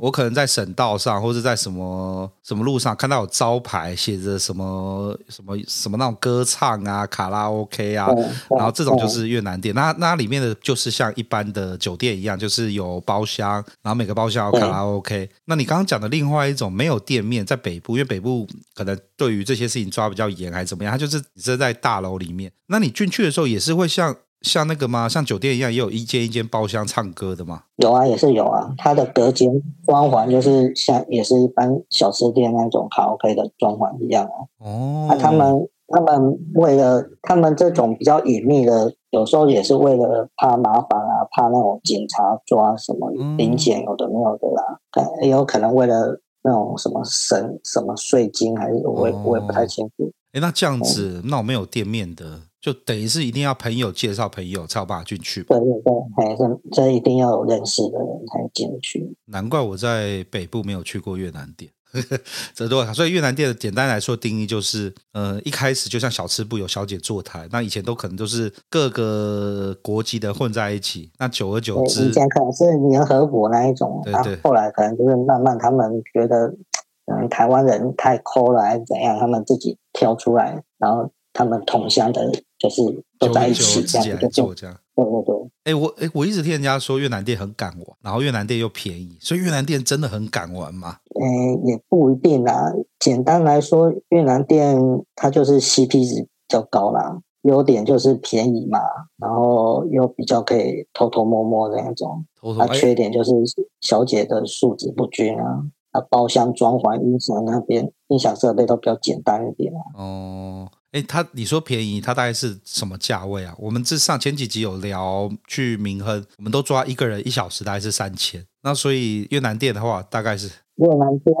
我可能在省道上或是在什麼什麼路上看到有招牌寫着什麼什麼什麼那種歌唱啊、卡拉 OK 啊，然後這種就是越南店。那那裡面的就是像一般的酒店一樣，就是有包廂，然後每個包廂有卡拉 OK。那你剛剛講的另外一種沒有店面在北部，因為北部可能對於這些事情抓比較嚴，還是怎麼樣？他就是你是在。在大樓裡面，那你進去的時候也是會像像那個嗎？像酒店一樣也有一間一間包廂唱歌的嗎？有啊，也是有啊。它的隔間裝潢就是像也是一般小吃店那種卡拉 OK 的裝潢一樣，啊、哦、啊，那他們他們為了他們這種比較隱秘的，有時候也是為了怕麻煩啊，怕那種警察抓什麼臨檢，有的沒有的啦，啊。嗯、也有可能為了那種什麼神什麼稅金，還是我我也不，不太清楚。哦那這樣子，那我沒有店面的，就等於是一定要朋友介紹朋友才有辦法進去。對對對，這這一定要有認識的人才進去。難怪我在北部沒有去過越南店，這多。所以越南店的簡單來說定義就是，呃，一開始就像小吃部有小姐坐台，那以前都可能都是各個國籍的混在一起。那久而久之，以前可能是聯合國那一種，對對。然後，後來可能就是慢慢他們覺得。嗯，台灣人太摳了還是怎樣？他們自己挑出來，然後他們同鄉的，就是都在一起，這樣，自己來做這樣。對對對。哎、欸，我哎、欸，我一直聽人家說越南店很敢玩，然後越南店又便宜，所以越南店真的很敢玩嗎？哎、欸，也不一定啊。簡單來說，越南店它就是 CP 值比較高啦，優點就是便宜嘛，然後又比較可以偷偷摸摸的那種。它、啊、缺點就是小姐的素質不均啊。嗯包廂裝潢、音響那邊音響設備都比較簡單一點哦、啊，哎、嗯，他、欸、你說便宜，他大概是什麼價位啊？我們這上前幾集有聊去明亨，我們都抓一個人一小時大概是三千。那所以越南店的話，大概是越南店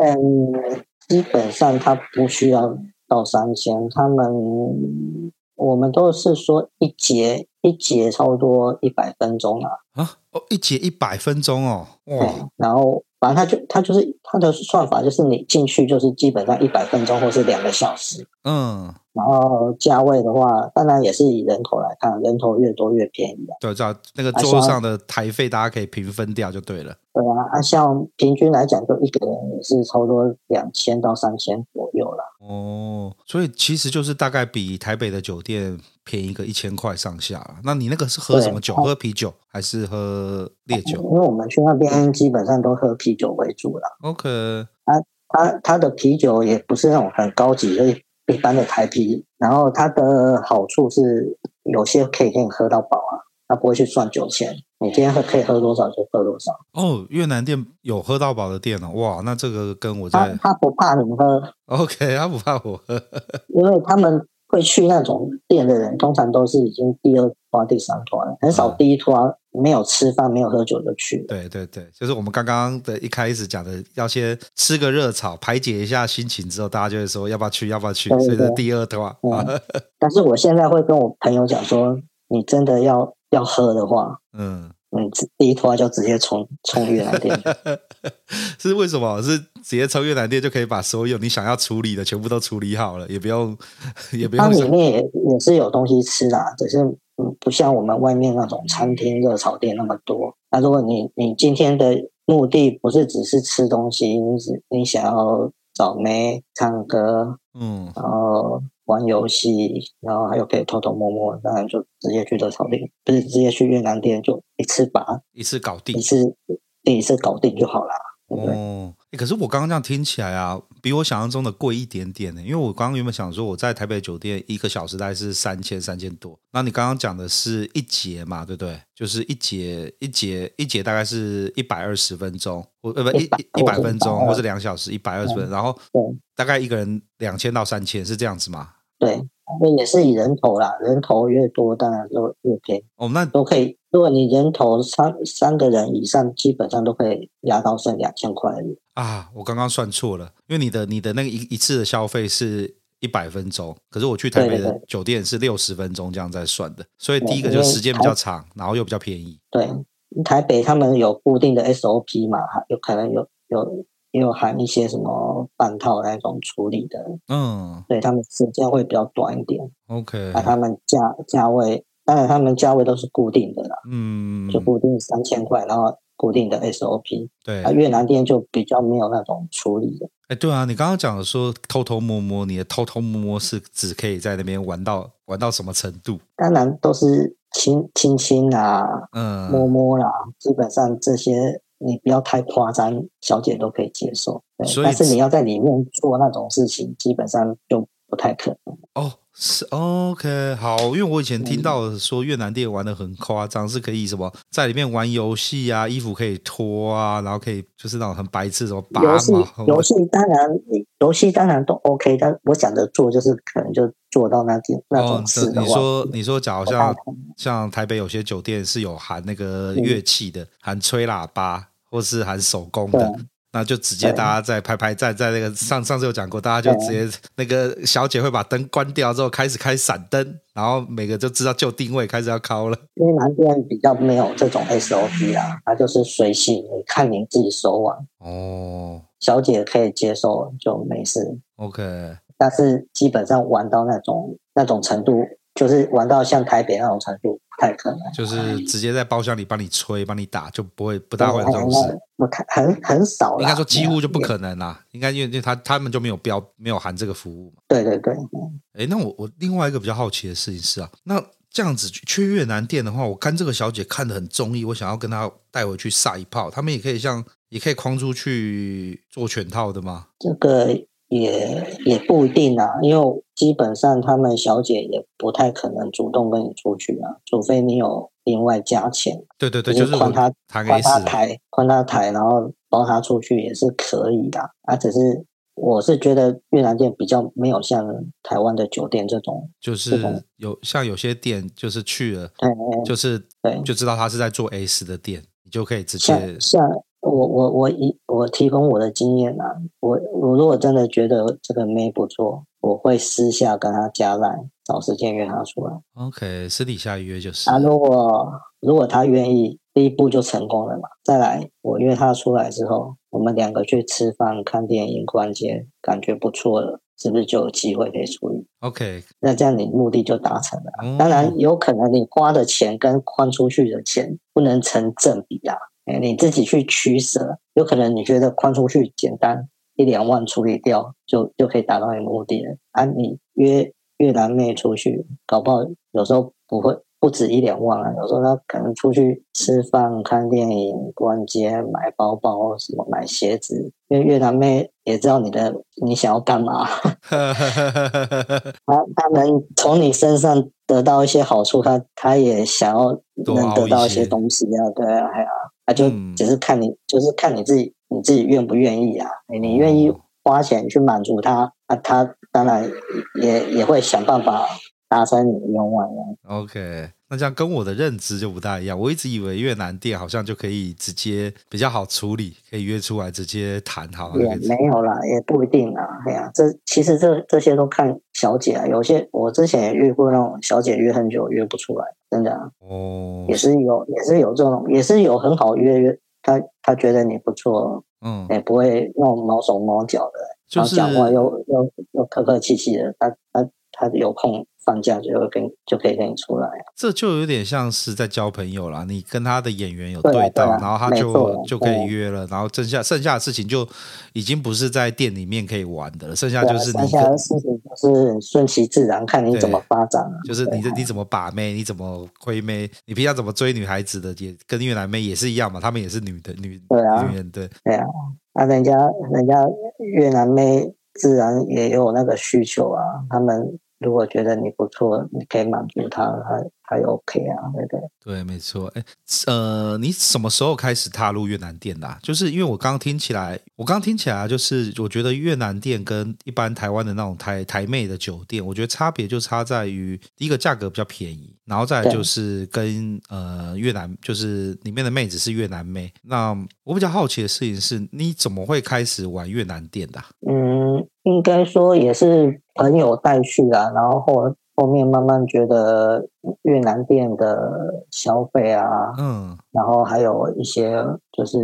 基本上他不需要到三千，他們。我們都是說一節一節差不多一百分鐘了啊，啊！哦，一節一百分鐘哦。對，然後反正它就它就是他的算法，就是你進去就是基本上一百分鐘或是兩個小時。嗯，然後價位的話，當然也是以人口來看，人頭越多越便宜啊。對，知道那個桌上的台費大家可以平分掉就對了。對啊，對啊，像平均來講，就一個人也是差不多兩千到三千左右了。哦，所以其實就是大概比台北的酒店便宜個一千塊上下。啊、那你那個是喝什麼酒？喝啤酒還是喝烈酒？啊？因為我們去那邊基本上都喝啤酒為主啦。OK，他它、啊啊、它的啤酒也不是那種很高級的，就是、一般的台啤。然後它的好處是有些可以給你喝到飽啊，它不會去賺酒錢。你今天喝可以喝多少就喝多少哦。越南店有喝到飽的店哦，哇，那這個跟我在他，他不怕你們喝，OK，他不怕我喝， 因為他們會去那種店的人，通常都是已經第二攤、第三攤，很少第一攤，沒、嗯、沒有吃飯、沒有喝酒的去。對對對，就是我們剛剛的一開始講的，要先吃個熱炒，排解一下心情之後，大家就會說要不要去，要不要去，對對所以就第二攤。嗯嗯、 但是我現在會跟我朋友講說，你真的要，要喝的話，嗯，你、嗯、第一拖，就直接衝衝越南店， 是為什麼？是直接衝越南店就可以把所有你想要處理的全部都處理好了，也不用也不用。它裡面也也是有東西吃的，啊，只是不像我們外面那種餐廳、熱炒店那麼多。那、啊、如果你你今天的目的不是只是吃東西，你只你想要找妹、唱歌，嗯，然後。玩遊戲，然後還有可以偷偷摸摸，當然就直接去得草定，不，就是直接去越南店就一次吧，一次搞定，一次第一,一次搞定就好了。哦對不對，欸，可是我剛剛這樣聽起來啊，比我想象中的貴一點點欸。因為我剛剛原本想說我在台北酒店一個小時大概是三千三千多，那你剛剛講的是一節嘛，對不對？就是一節一節一節大概是一百二十分鐘，或，呃、100，不一一百分鐘，是80，或是兩小時一百二十分鐘，嗯，然後大概一個人兩千到三千是這樣子嗎？對，他也是以人頭啦，人頭越多，當然就越便宜。哦，那都可以。如果你人頭三三個人以上，基本上都可以壓到剩兩千塊而已。啊，我剛剛算錯了，因為你的你的那個一一次的消費是一百分鐘，可是我去台北的酒店是六十分鐘這樣在算的，對對對，所以第一個就是時間比較長，然後又比較便宜。對，台北他們有固定的 SOP 嘛，有可能有有。也有含一些什麼半套那種處理的，嗯，對他們時間會比較短一點，OK，啊，他們價價位，當然他們價位都是固定的啦，嗯，就固定三千塊，然後固定的 SOP，對，啊，越南店就比較沒有那種處理的，哎，對啊，你剛剛講的說偷偷摸摸，你的偷偷摸摸是只可以在那邊玩到玩到什麼程度？當然都是親親親啊，嗯，摸摸啦，啊，基本上這些。你不要太誇張，小姐都可以接受。但是你要在裡面做那種事情，基本上就不太可能。Oh. 是 OK，好，因為我以前聽到說越南店玩得很誇張，是可以什麼在裡面玩遊戲啊，衣服可以脫啊，然後可以就是那種很白痴什麼拔嘛，遊戲，遊戲當然遊戲當然都 OK，但我想着做就是可能就做到那點、哦、那種你說你說，你說假如像像台北有些酒店是有含那個樂器的，嗯、含吹喇叭或是含手工的。那就直接大家在拍拍在在那個上上次有講過，大家就直接那個小姐會把燈關掉之後開始開閃燈，然後每個就知道就定位開始要敲了。因為南店比較沒有這種 SOP 啦，他就是隨性，看您自己手腕哦。小姐可以接受就沒事，OK。但是基本上玩到那種那種程度。就是玩到像台北那種程度不太可能，就是直接在包廂裡幫你吹幫你打，就不會不大會有這種事。我看很很少，應該說幾乎就不可能啦。應該因，因為他他們就沒有標沒有含這個服務對對對。哎，那我我另外一個比較好奇的事情是啊，那這樣子去越南店的話，我看這個小姐看得很中意，我想要跟她帶回去撒一炮，他們也可以像也可以框出去做全套的嗎？這個。也也不一定啊，因為基本上他們小姐也不太可能主動跟你出去啊，除非你有另外加錢。對對對，就是換他，換他台，S、換他台，S、然後包他出去也是可以的啊。啊，只是我是覺得越南店比較沒有像台灣的酒店這種，就是有像有些店就是去了，對，就是對，就知道他是在做 A 四的店，你就可以直接是。像我我我以我提供我的經驗吶、啊，我我如果真的覺得這個妹不錯，我會私下跟她加賴，找時間約她出來。OK，私底下約就是。啊，如果如果她願意，第一步就成功了嘛。再來，我約她出來之後，我們兩個去吃飯、看電影、逛街，感覺不錯了，是不是就有機會可以出去？OK，那這樣你目的就達成了。哦、當然，有可能你花的錢跟花出去的錢不能成正比啊。你自己去取捨，有可能你覺得寬出去簡單，一兩萬處理掉就就可以達到你的目的了。啊，你約越南妹出去，搞不好有時候不會不止一兩萬了、啊，有時候她可能出去吃飯、看電影、逛街、買包包、什麼買鞋子，因為越南妹也知道你的你想要幹嘛，她、 啊、她能從你身上得到一些好處，她她也想要能得到一些東西啊，對啊，哎呀、啊。那、啊、就只是看你，嗯，就是看你自己，你自己願不願意啊？嗯、你願意花錢去滿足他，那、啊、他當然也也會想辦法達成你的願望，啊。OK，那這樣跟我的認知就不大一樣。我一直以為越南店好像就可以直接比較好處理，可以約出來直接談，好。也、yeah, 沒有啦，也不一定啦。哎呀、啊，這其實這這些都看小姐，啊，有些我之前也遇過，那種小姐約很久約不出來。真的哦，也是有，也是有這種，也是有很好約約，他他覺得你不錯，嗯，也、欸、不會那種毛手毛腳的，就是，然後講話又又又客客氣氣的，他他。他有空放假就會跟就可以跟你出來，啊，這就有點像是在交朋友啦。你跟他的演員有對到，啊啊，然後他就就可以約了。然後剩下剩下的事情就已經不是在店裡面可以玩的了。剩下就是你，你，啊，剩下的事情就是順其自然，看你怎麼發展，啊。就是你，啊，你怎麼把妹，你怎麼虧妹，啊，你平常怎麼追女孩子的，也跟越南妹也是一樣嘛。他們也是女的，女，啊，女人對。對啊，那，啊，人家人家越南妹自然也有那個需求啊，他們。如果覺得你不錯，你可以滿足他。他。還 OK 啊，對不對？對，沒錯。哎，呃，你什麼時候開始踏入越南店的啊？就是因為我剛剛聽起來，我剛剛聽起來，就是我覺得越南店跟一般台灣的那種台台妹的酒店，我覺得差別就差在於，第一個價格比較便宜，然後再就是跟呃越南就是裡面的妹子是越南妹。那我比較好奇的事情是，你怎麼會開始玩越南店的啊？嗯，應該說也是朋友帶去啊，然後。後面慢慢覺得越南店的消費啊，嗯，然後還有一些就是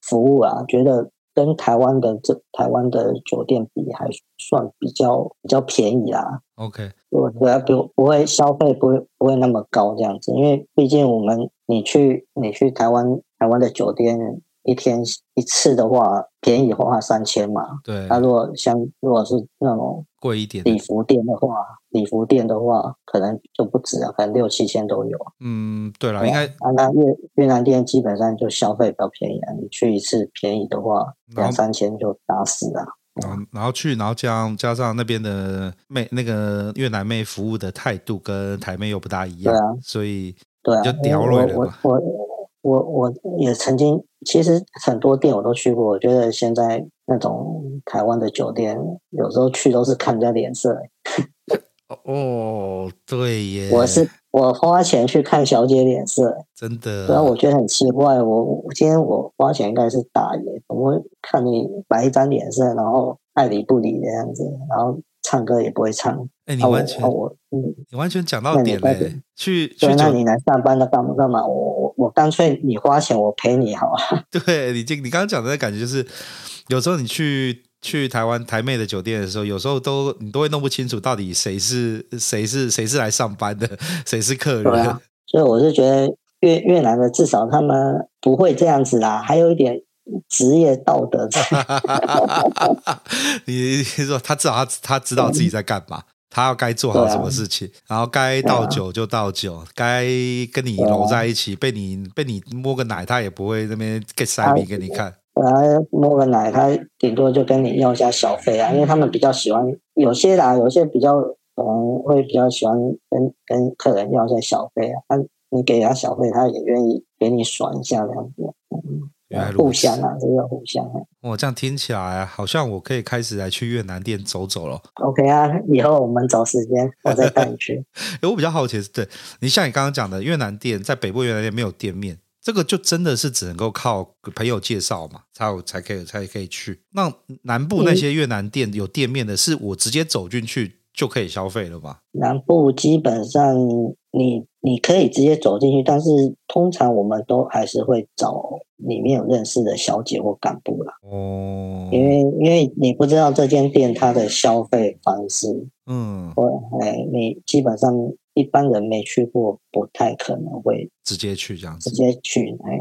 服務啊，覺得跟台灣的這台灣的酒店比，還算比較比較便宜啦、啊。OK，我我要不不會消費不會不會那麼高這樣子，因為畢竟我們你去你去台灣台灣的酒店一天一次的話，便宜的話三千嘛。對，那、啊、如果像如果是那種貴一點禮服店的話。禮服店的話，可能就不止啊，可能六七千都有、啊。嗯，對了、啊，應該、啊、那越越南店基本上就消費比較便宜啊，你去一次便宜的話，兩三千就打死啊，啊然。然後去，然後加上加上那邊的妹，那個越南妹服務的態度跟台妹又不大一樣，對啊，所以對啊，就屌落了、嗯、我我我我也曾經，其實很多店我都去過，我覺得現在那種台灣的酒店，有時候去都是看人家臉色。 哦，對耶！我是我花錢去看小姐臉色，真的、啊。然後我覺得很奇怪，我今天我花錢應該是大爺，怎麼會看你擺一張臉色，然後愛理不理的樣子，然後唱歌也不會唱？哎、欸，你完全，我嗯，你完全講到點了。去、去，那你來上班都幹不幹嘛？我我我乾脆你花錢我陪你好啊。對你這，你剛剛講的那感覺、就是，有時候你去。去台灣台妹的酒店的時候，有時候都你都會弄不清楚到底誰是誰是誰是來上班的，誰是客人、啊。所以我是覺得越越南的至少他們不會這樣子啦，還有一點職業道德在。 你說他至少他他知道自己在幹嘛、嗯，他要該做好什麼事情，啊、然後該倒酒就倒酒，該、啊、跟你摟在一起、啊、被你被你摸個奶，他也不會那邊 get shy 給你看。啊啊、摸來摸個奶，他頂多就跟你要一下小費啊，因為他們比較喜歡，有些人有些比較可能、嗯、會比較喜歡跟跟客人要一下小費啊，他你給他小費，他也願意給你爽一下這樣子，嗯，原來如此互相啊，要、就是、互相。啊。我、哦、這樣聽起來好像我可以開始來去越南店走走了。OK 啊，以後我們找時間我再帶你去。哎， 我比較好奇的是，對，你像你剛剛講的越南店在北部越南店沒有店面。這個就真的是只能夠靠朋友介紹嘛，才有才可以才可以去。那南部那些越南店有店面的，是我直接走進去就可以消費了吧？嗯，南部基本上你你可以直接走進去，但是通常我們都還是會找裡面有認識的小姐或幹部啦。哦，嗯，因為因為你不知道這間店它的消費方式。嗯，我還沒基本上一般人沒去過，不太可能會直接去這樣子。直接去哎，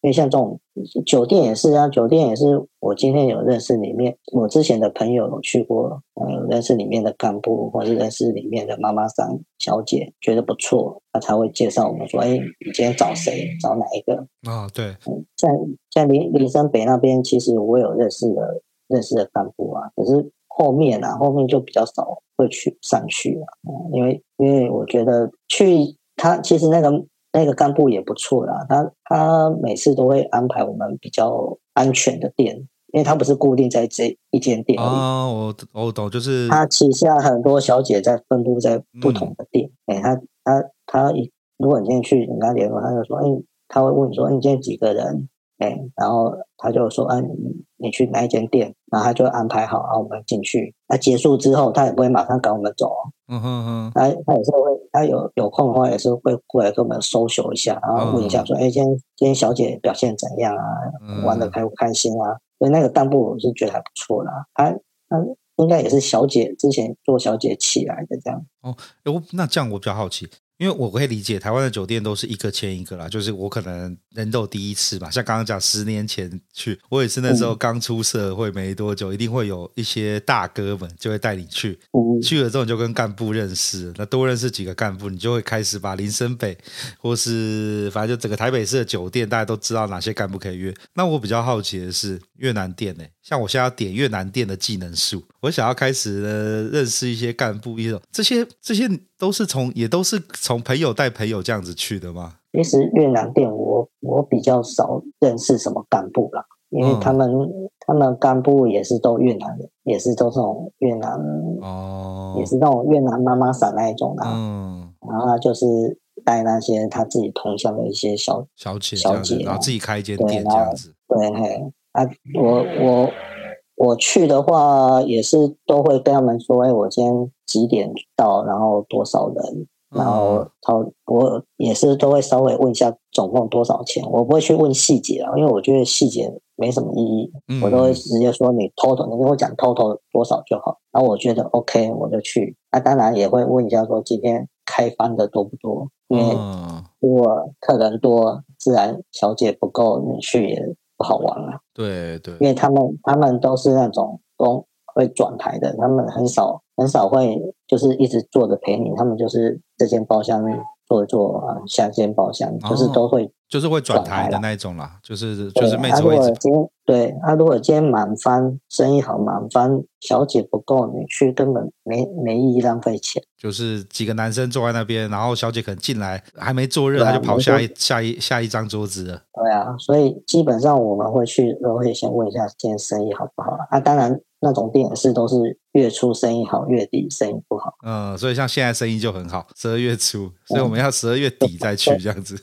因為像這種酒店也是啊，酒店也是。我今天有認識裡面，我之前的朋友去過，呃、嗯，認識裡面的幹部，或是認識裡面的媽媽桑小姐，覺得不錯，她才會介紹我們說，哎，你今天找誰，找哪一個啊、哦？對，在在林林森北那邊，其實我有認識的，認識的幹部啊，可是。後面啊，後面就比較少會去上去啦，嗯，因為因為我覺得去他其實那個那個幹部也不錯啦，他他每次都會安排我們比較安全的店，因為他不是固定在這一間店。哦，啊，我我懂，就是他旗下很多小姐在分布在不同的店，哎，嗯，欸，他他他一，如果你今天去，你跟他聯絡，他就說，哎，欸，他會問你說，欸，你今天幾個人？然後他就說：“哎、啊，你去哪一間店？”然後他就安排好，然、啊、後我們進去。那、啊、結束之後，他也不會馬上趕我們走、哦。嗯嗯嗯。他他也是會，他有有空的話也是會過來跟我們 social 一下，然後問一下說：“哦、哎，今天今天小姐表現怎樣啊？玩的開不開心啊？”嗯、所以那個幹部我是覺得還不錯啦。他他應該也是小姐之前做小姐起來的這樣。哦，那這樣我比較好奇。因為我可以理解，台灣的酒店都是一個簽一個啦。就是我可能人都第一次吧，像剛剛講十年前去，我也是那時候剛出社會沒多久，一定會有一些大哥們就會帶你去。去了之後你就跟幹部認識，那多認識幾個幹部，你就會開始把林森北或是反正就整個台北市的酒店，大家都知道哪些幹部可以約。那我比較好奇的是越南店呢、欸？像我現在要點越南店的技能樹，我想要開始認識一些幹部，這種這些這些都是從也都是從朋友帶朋友這樣子去的嗎？其實越南店我我比較少認識什麼幹部啦，因為他們、嗯、他們幹部也是都越南的，也是都是那種越南哦，也是那種越南媽媽桑那一種的，啊。嗯，然後就是帶那些他自己同鄉的一些小小小姐、小姐，然後自己開一間店這樣子，對。啊，我我我去的話，也是都會跟他們說，哎，我今天幾點到，然後多少人，然後他、嗯、我也是都會稍微問一下總共多少錢，我不會去問細節啊，因為我覺得細節沒什麼意義，我都會直接說你 total，你跟我講 total 多少就好。然後我覺得 OK，我就去。那、啊、當然也會問一下說今天開翻的多不多，因為如果客人多，自然小姐不夠，你去也。好玩啊，對對，因為他們他們都是那種都會轉檯的，他們很少很少會就是一直坐着陪你，他們就是這間包廂坐一坐啊，下這間包廂就是都會、哦。就是會轉台的那一種啦，就是就是妹子會直、啊。對他、啊、如果今天滿翻生意好滿翻，小姐不夠，你去根本沒沒意義，浪費錢。就是幾個男生坐在那邊，然後小姐可能進來還沒坐熱、啊，他就跑下一下一下一張桌子了。對啊，所以基本上我們會去都會先問一下今天生意好不好那、啊啊、當然。那種店是都是月初生意好，月底生意不好。嗯，所以像現在生意就很好，十二月初、嗯，所以我們要十二月底再去這樣子。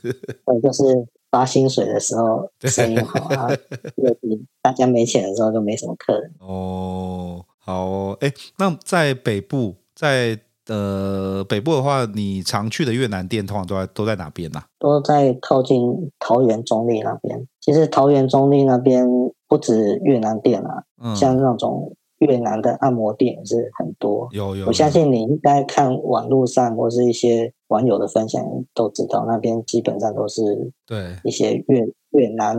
或就是發薪水的時候生意好啊， 月底大家沒錢的時候就沒什麼客人。哦，好哦，哎，那在北部，在呃北部的話，你常去的越南店通常都在都在哪邊呢、啊？都在靠近桃園中壢那邊。其實桃園中壢那邊。不止越南店啊，嗯，像那種越南的按摩店也是很多。有有，我相信你應該看網絡上或是一些網友的分享都知道，那邊基本上都是對一些越越南。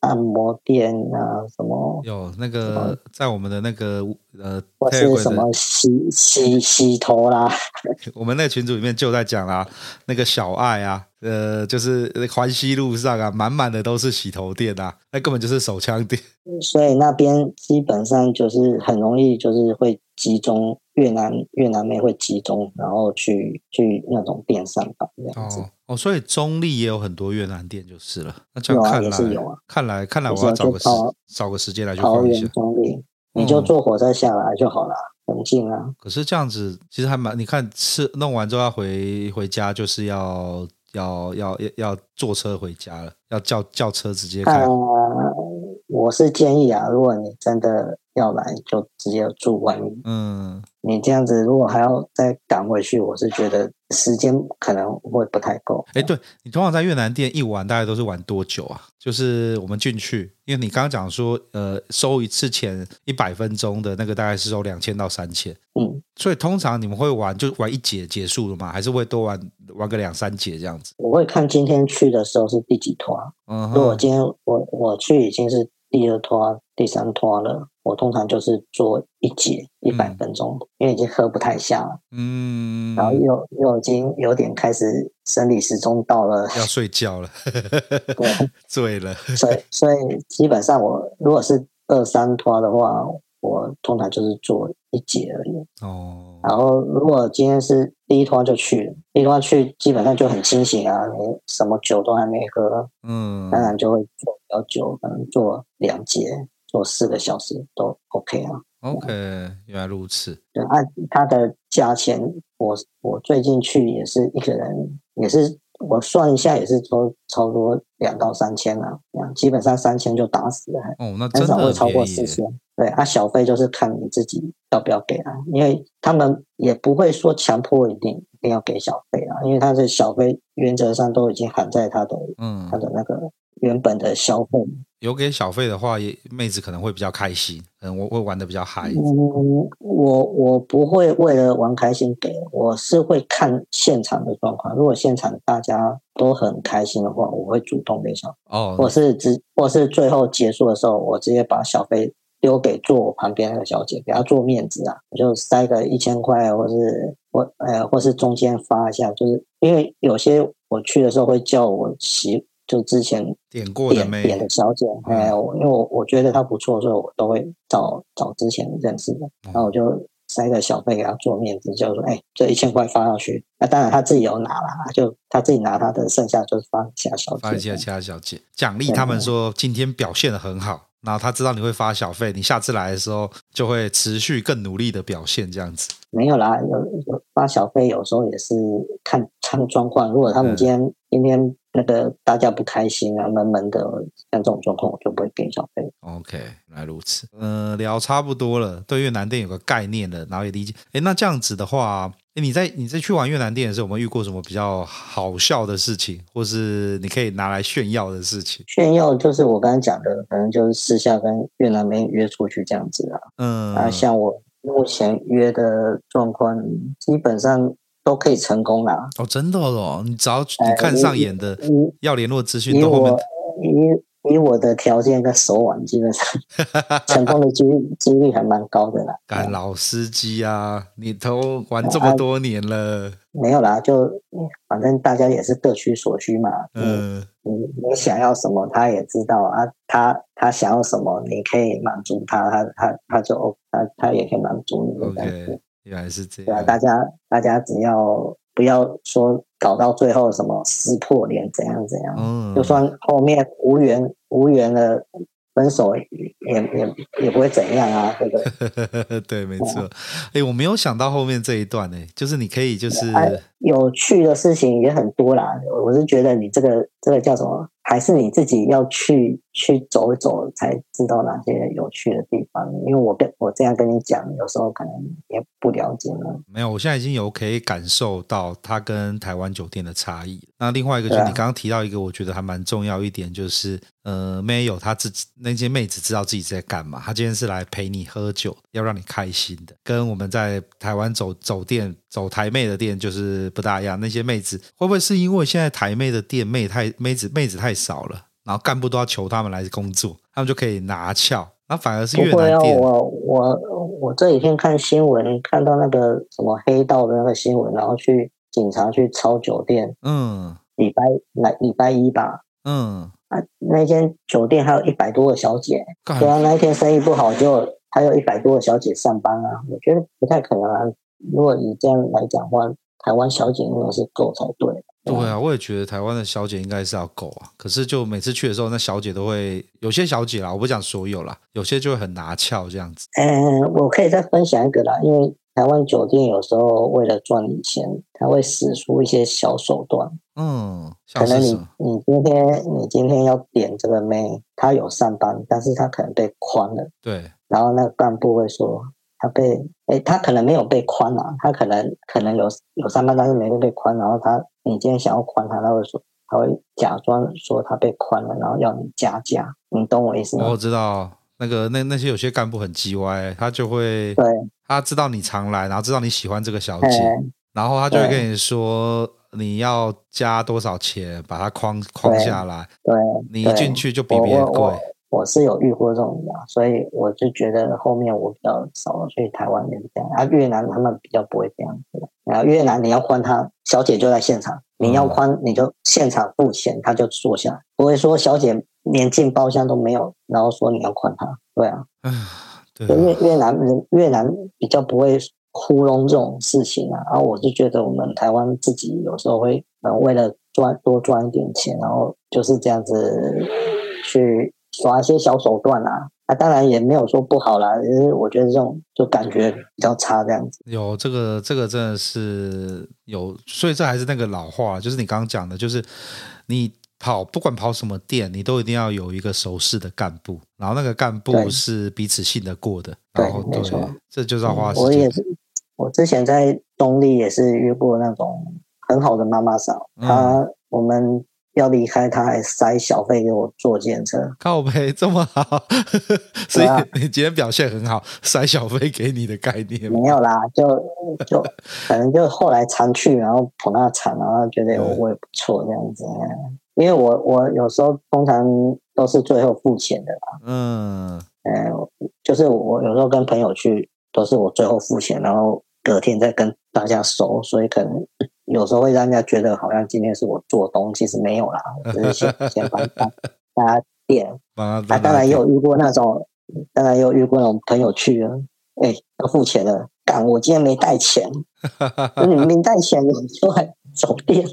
按摩店啊，什麼有那個在我們的那個呃，我是什麼洗洗洗頭啦？ 我們那群組裡面就在講啦、啊，那個小愛啊，呃，就是環西路上啊，滿滿的都是洗頭店啊，那根本就是手槍店。所以那邊基本上就是很容易，就是會集中越南越南妹會集中，然後去去那種店上班這樣子。哦哦，所以中壢也有很多越南店就是了，那這樣看來，啊啊、看來看來、啊、我要找個時找個時間來去逛一下。中壢，你就坐火車下來就好了，很、嗯、近啊。可是這樣子其實還蠻，你看吃弄完之後要回回家就是要要要要要坐車回家了，要叫叫車直接開。我是建議啊，如果你真的。要來就直接住外面。嗯，你這樣子如果還要再趕回去，我是覺得時間可能會不太夠。哎、欸，對，你通常在越南店一玩大概都是玩多久啊？就是我們進去，因為你剛剛講說，呃，收一次錢一百分鐘的那個，大概是收兩千到三千。嗯，所以通常你們會玩就玩一節結束了嘛，還是會多玩玩個兩三節這樣子？我會看今天去的時候是第幾拖？嗯，如果今天我我去已經是第二拖、第三拖了。我通常就是做一節一百分鐘，嗯，因為已經喝不太下了，嗯，然後又又已經有點開始生理時鐘到了，要睡覺了， 對，醉了， 所以所以基本上我如果是二三拖的話，我通常就是做一節而已，哦，然後如果今天是第一拖就去了，第一拖去基本上就很清醒啊，你什麼酒都還沒喝，嗯，當然就會做比較久，可能做兩節。做四個小時都 OK 啊，OK，原來如此。對，按、啊、它的價錢，我我最近去也是一個人，也是我算一下也是超超多兩到三千了，啊，基本上三千就打死了，哦，那耶耶，很少會超過四千耶耶。對，啊，小費就是看你自己要不要給啊，因為他們也不會說強迫一定一定要給小費啊，因為他是小費原則上都已經含在他的，嗯，他的那個原本的消費。嗯有給小費的話，也妹子可能會比較開心，嗯，我會玩的比較嗨。我我不會為了玩開心給，我是會看現場的狀況。如果現場大家都很開心的話，我會主動給小費。哦，我是直，我是最後結束的時候，我直接把小費丟給坐我旁邊那個小姐，給她做面子啊，我就塞個一千塊，或是或呃，或是中間發一下，就是因為有些我去的時候會叫我洗。就之前點，點過的點的小姐，還、嗯、有、嗯，因為我我覺得她不錯，所以我都會找找之前認識的，然後我就塞個小費給她做面子，就說：“哎、欸，這一千塊發上去。”那當然她自己有拿啦，就她自己拿她的，剩下就是發其、其他小姐，發其他其他小姐獎勵。他們說今天表現得很好，那、嗯、他知道你會發小費，你下次來的時候就會持續更努力的表現。這樣子。沒有啦，有有發小費，有時候也是看她的狀況。如果他們今天、嗯、今天。那得、個、大家不開心啊，悶悶的，像這種狀況我就不會給小費。OK，原來如此。嗯、呃、聊差不多了，對越南店有個概念了，然後也理解。哎，那這樣子的話，哎，你在你在去玩越南店的時候，有沒有遇過什麼比較好笑的事情，或是你可以拿來炫耀的事情？炫耀就是我剛剛講的，可能就是私下跟越南美女約出去這樣子啊。嗯，啊，像我目前約的狀況，基本上。都可以成功啦！哦，真的哦，你只要、哎、你看上眼的，要聯絡資訊，都後面，以以我的條件跟手腕，基本上成功的幾率幾 率還蠻高的啦。幹老司機啊，你都玩這麼多年了，啊啊、沒有啦，就反正大家也是各取所需嘛。嗯，你你想要什麼，他也知道啊。他他想要什麼，你可以滿足他，他他他就 O，、OK，他他也可以滿足你。Okay. 原來是這樣，啊，大家大家只要不要說搞到最後什麼撕破臉，怎樣怎樣，嗯，就算後面無緣無緣的分手也，也也也不會怎樣啊，對不對？ 對，沒錯。哎、嗯欸，我沒有想到後面這一段呢、欸，就是你可以就是，啊，有趣的事情也很多啦。我是覺得你這個這個叫什麼？還是你自己要去去走一走，才知道哪些有趣的地方。因為我跟我這樣跟你講，有時候可能也不了解了。沒有，我現在已經有可以感受到它跟台灣酒店的差異。那另外一個就是你剛剛提到一個，我覺得還蠻重要一點，啊、就是呃，沒有他自己那些妹子知道自己在幹嘛。他今天是來陪你喝酒，要讓你開心的，跟我們在台灣走走店走台妹的店就是不大一樣。那些妹子會不會是因為現在台妹的店妹太妹子妹子太少了，然後幹部都要求他們來工作，他們就可以拿翹。那反而是越南店，啊、我我我這幾天看新聞，看到那個什麼黑道的那個新聞，然後去警察去抄酒店。嗯，禮拜來禮拜一吧。嗯，那、啊、那間酒店還有一百多個小姐，對啊，那一天生意不好，就還有一百多個小姐上班啊。我覺得不太可能啊。如果以這樣來講的話，台灣小姐應該是夠才對。對啊，我也覺得台灣的小姐應該是要夠啊，可是就每次去的時候，那小姐都會有些小姐啦，我不講所有啦，有些就會很拿翹這樣子。嗯，我可以再分享一個啦，因為台灣酒店有時候為了賺你錢，他會使出一些小手段。嗯，可能你你今天你今天要點這個妹，她有上班，但是她可能被框了。對，然後那個幹部會說。他被誒，他可能沒有被框啊，他可能可能有有上班，但是沒有被框。然後他，你今天想要框他，他會說，他會假裝說他被框了，然後要你加價，你懂我意思嗎？我，我知道，那個那那些有些幹部很嘰歪，他就會對，他知道你常來，然後知道你喜歡這個小姐，然後他就會跟你說你要加多少錢把它框框下來，對，你一進去就比別人貴。我是有遇過這種的、啊，所以我就覺得後面我比較少去台灣那邊。啊，越南他們比較不會這樣子。然後、啊、越南你要寬他，小姐就在現場，你要寬、嗯、你就現場付錢，他就坐下，不會說小姐連進包廂都沒有，然後說你要寬他，對啊。對，越越南人越南比較不會糊弄這種事情啊。然、啊、後我就覺得我們台灣自己有時候會，呃、為了賺多賺一點錢，然後就是這樣子去。耍一些小手段啊，啊，當然也沒有說不好啦，因為我覺得這種就感覺比較差，這樣子。有這個，這個真的是有，所以這還是那個老話，就是你剛剛講的，就是你跑不管跑什麼店，你都一定要有一個熟識的幹部，然後那個幹部是彼此信得過的。對，然後對對沒錯，這就是要花時間、嗯、我也是，我之前在東麗也是約過那種很好的媽媽嫂，嗯、她我們。要離開他還塞小費給我坐計程車，靠北這麼好， 所以你今天表現很好，啊、塞小費給你的概念沒有啦，就就 可能就後來常去，然後捧那場，然後覺得我也不錯這樣子。因為我我有時候通常都是最後付錢的啦，嗯，哎、嗯，就是我有時候跟朋友去都是我最後付錢，然後隔天再跟大家收，所以可能。有時候會讓人家覺得好像今天是我做東，其實沒有啦，只是先 先幫幫大家墊。啊，當然也有遇過那種，當然也有遇過那種朋友去了，哎、欸，要付錢了，幹，我今天沒帶錢， 你們沒帶錢，你們就還走店，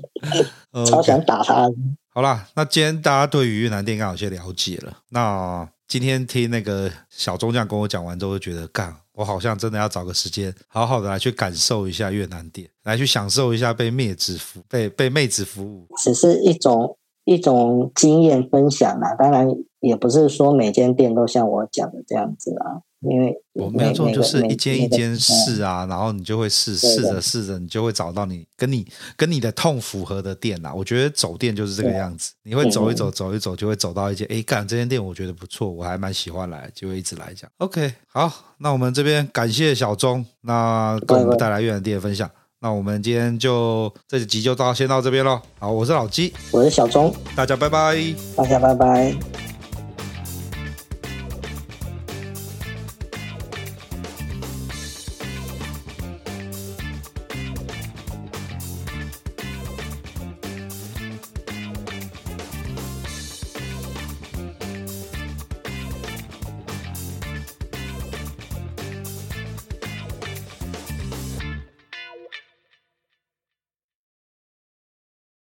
超想打他。Okay. 好啦，那今天大家對於越南店應該有些了解了，那。今天聽那個小宗講，跟我講完之後，就覺得幹，我好像真的要找個時間，好好的來去感受一下越南店，來去享受一下被妹子服，被被妹子服務，只是一種一種經驗分享嘛、啊。當然，也不是說每間店都像我講的這樣子啊。因為我們要做，就是一間一間試啊，然後你就會試，試着試着，你就會找到你跟你跟你的痛符合的店啊。我覺得走店就是這個樣子，你會走一走、嗯，走一走，就會走到一間，哎、嗯，幹，這間店我覺得不錯，我還蠻喜歡來，就會一直來講。OK，好，那我們這邊感謝小宗，那跟我們帶來越南店的分享。那我們今天就這集就到先到這邊咯好，我是老雞，我是小宗，大家拜拜，大家拜拜。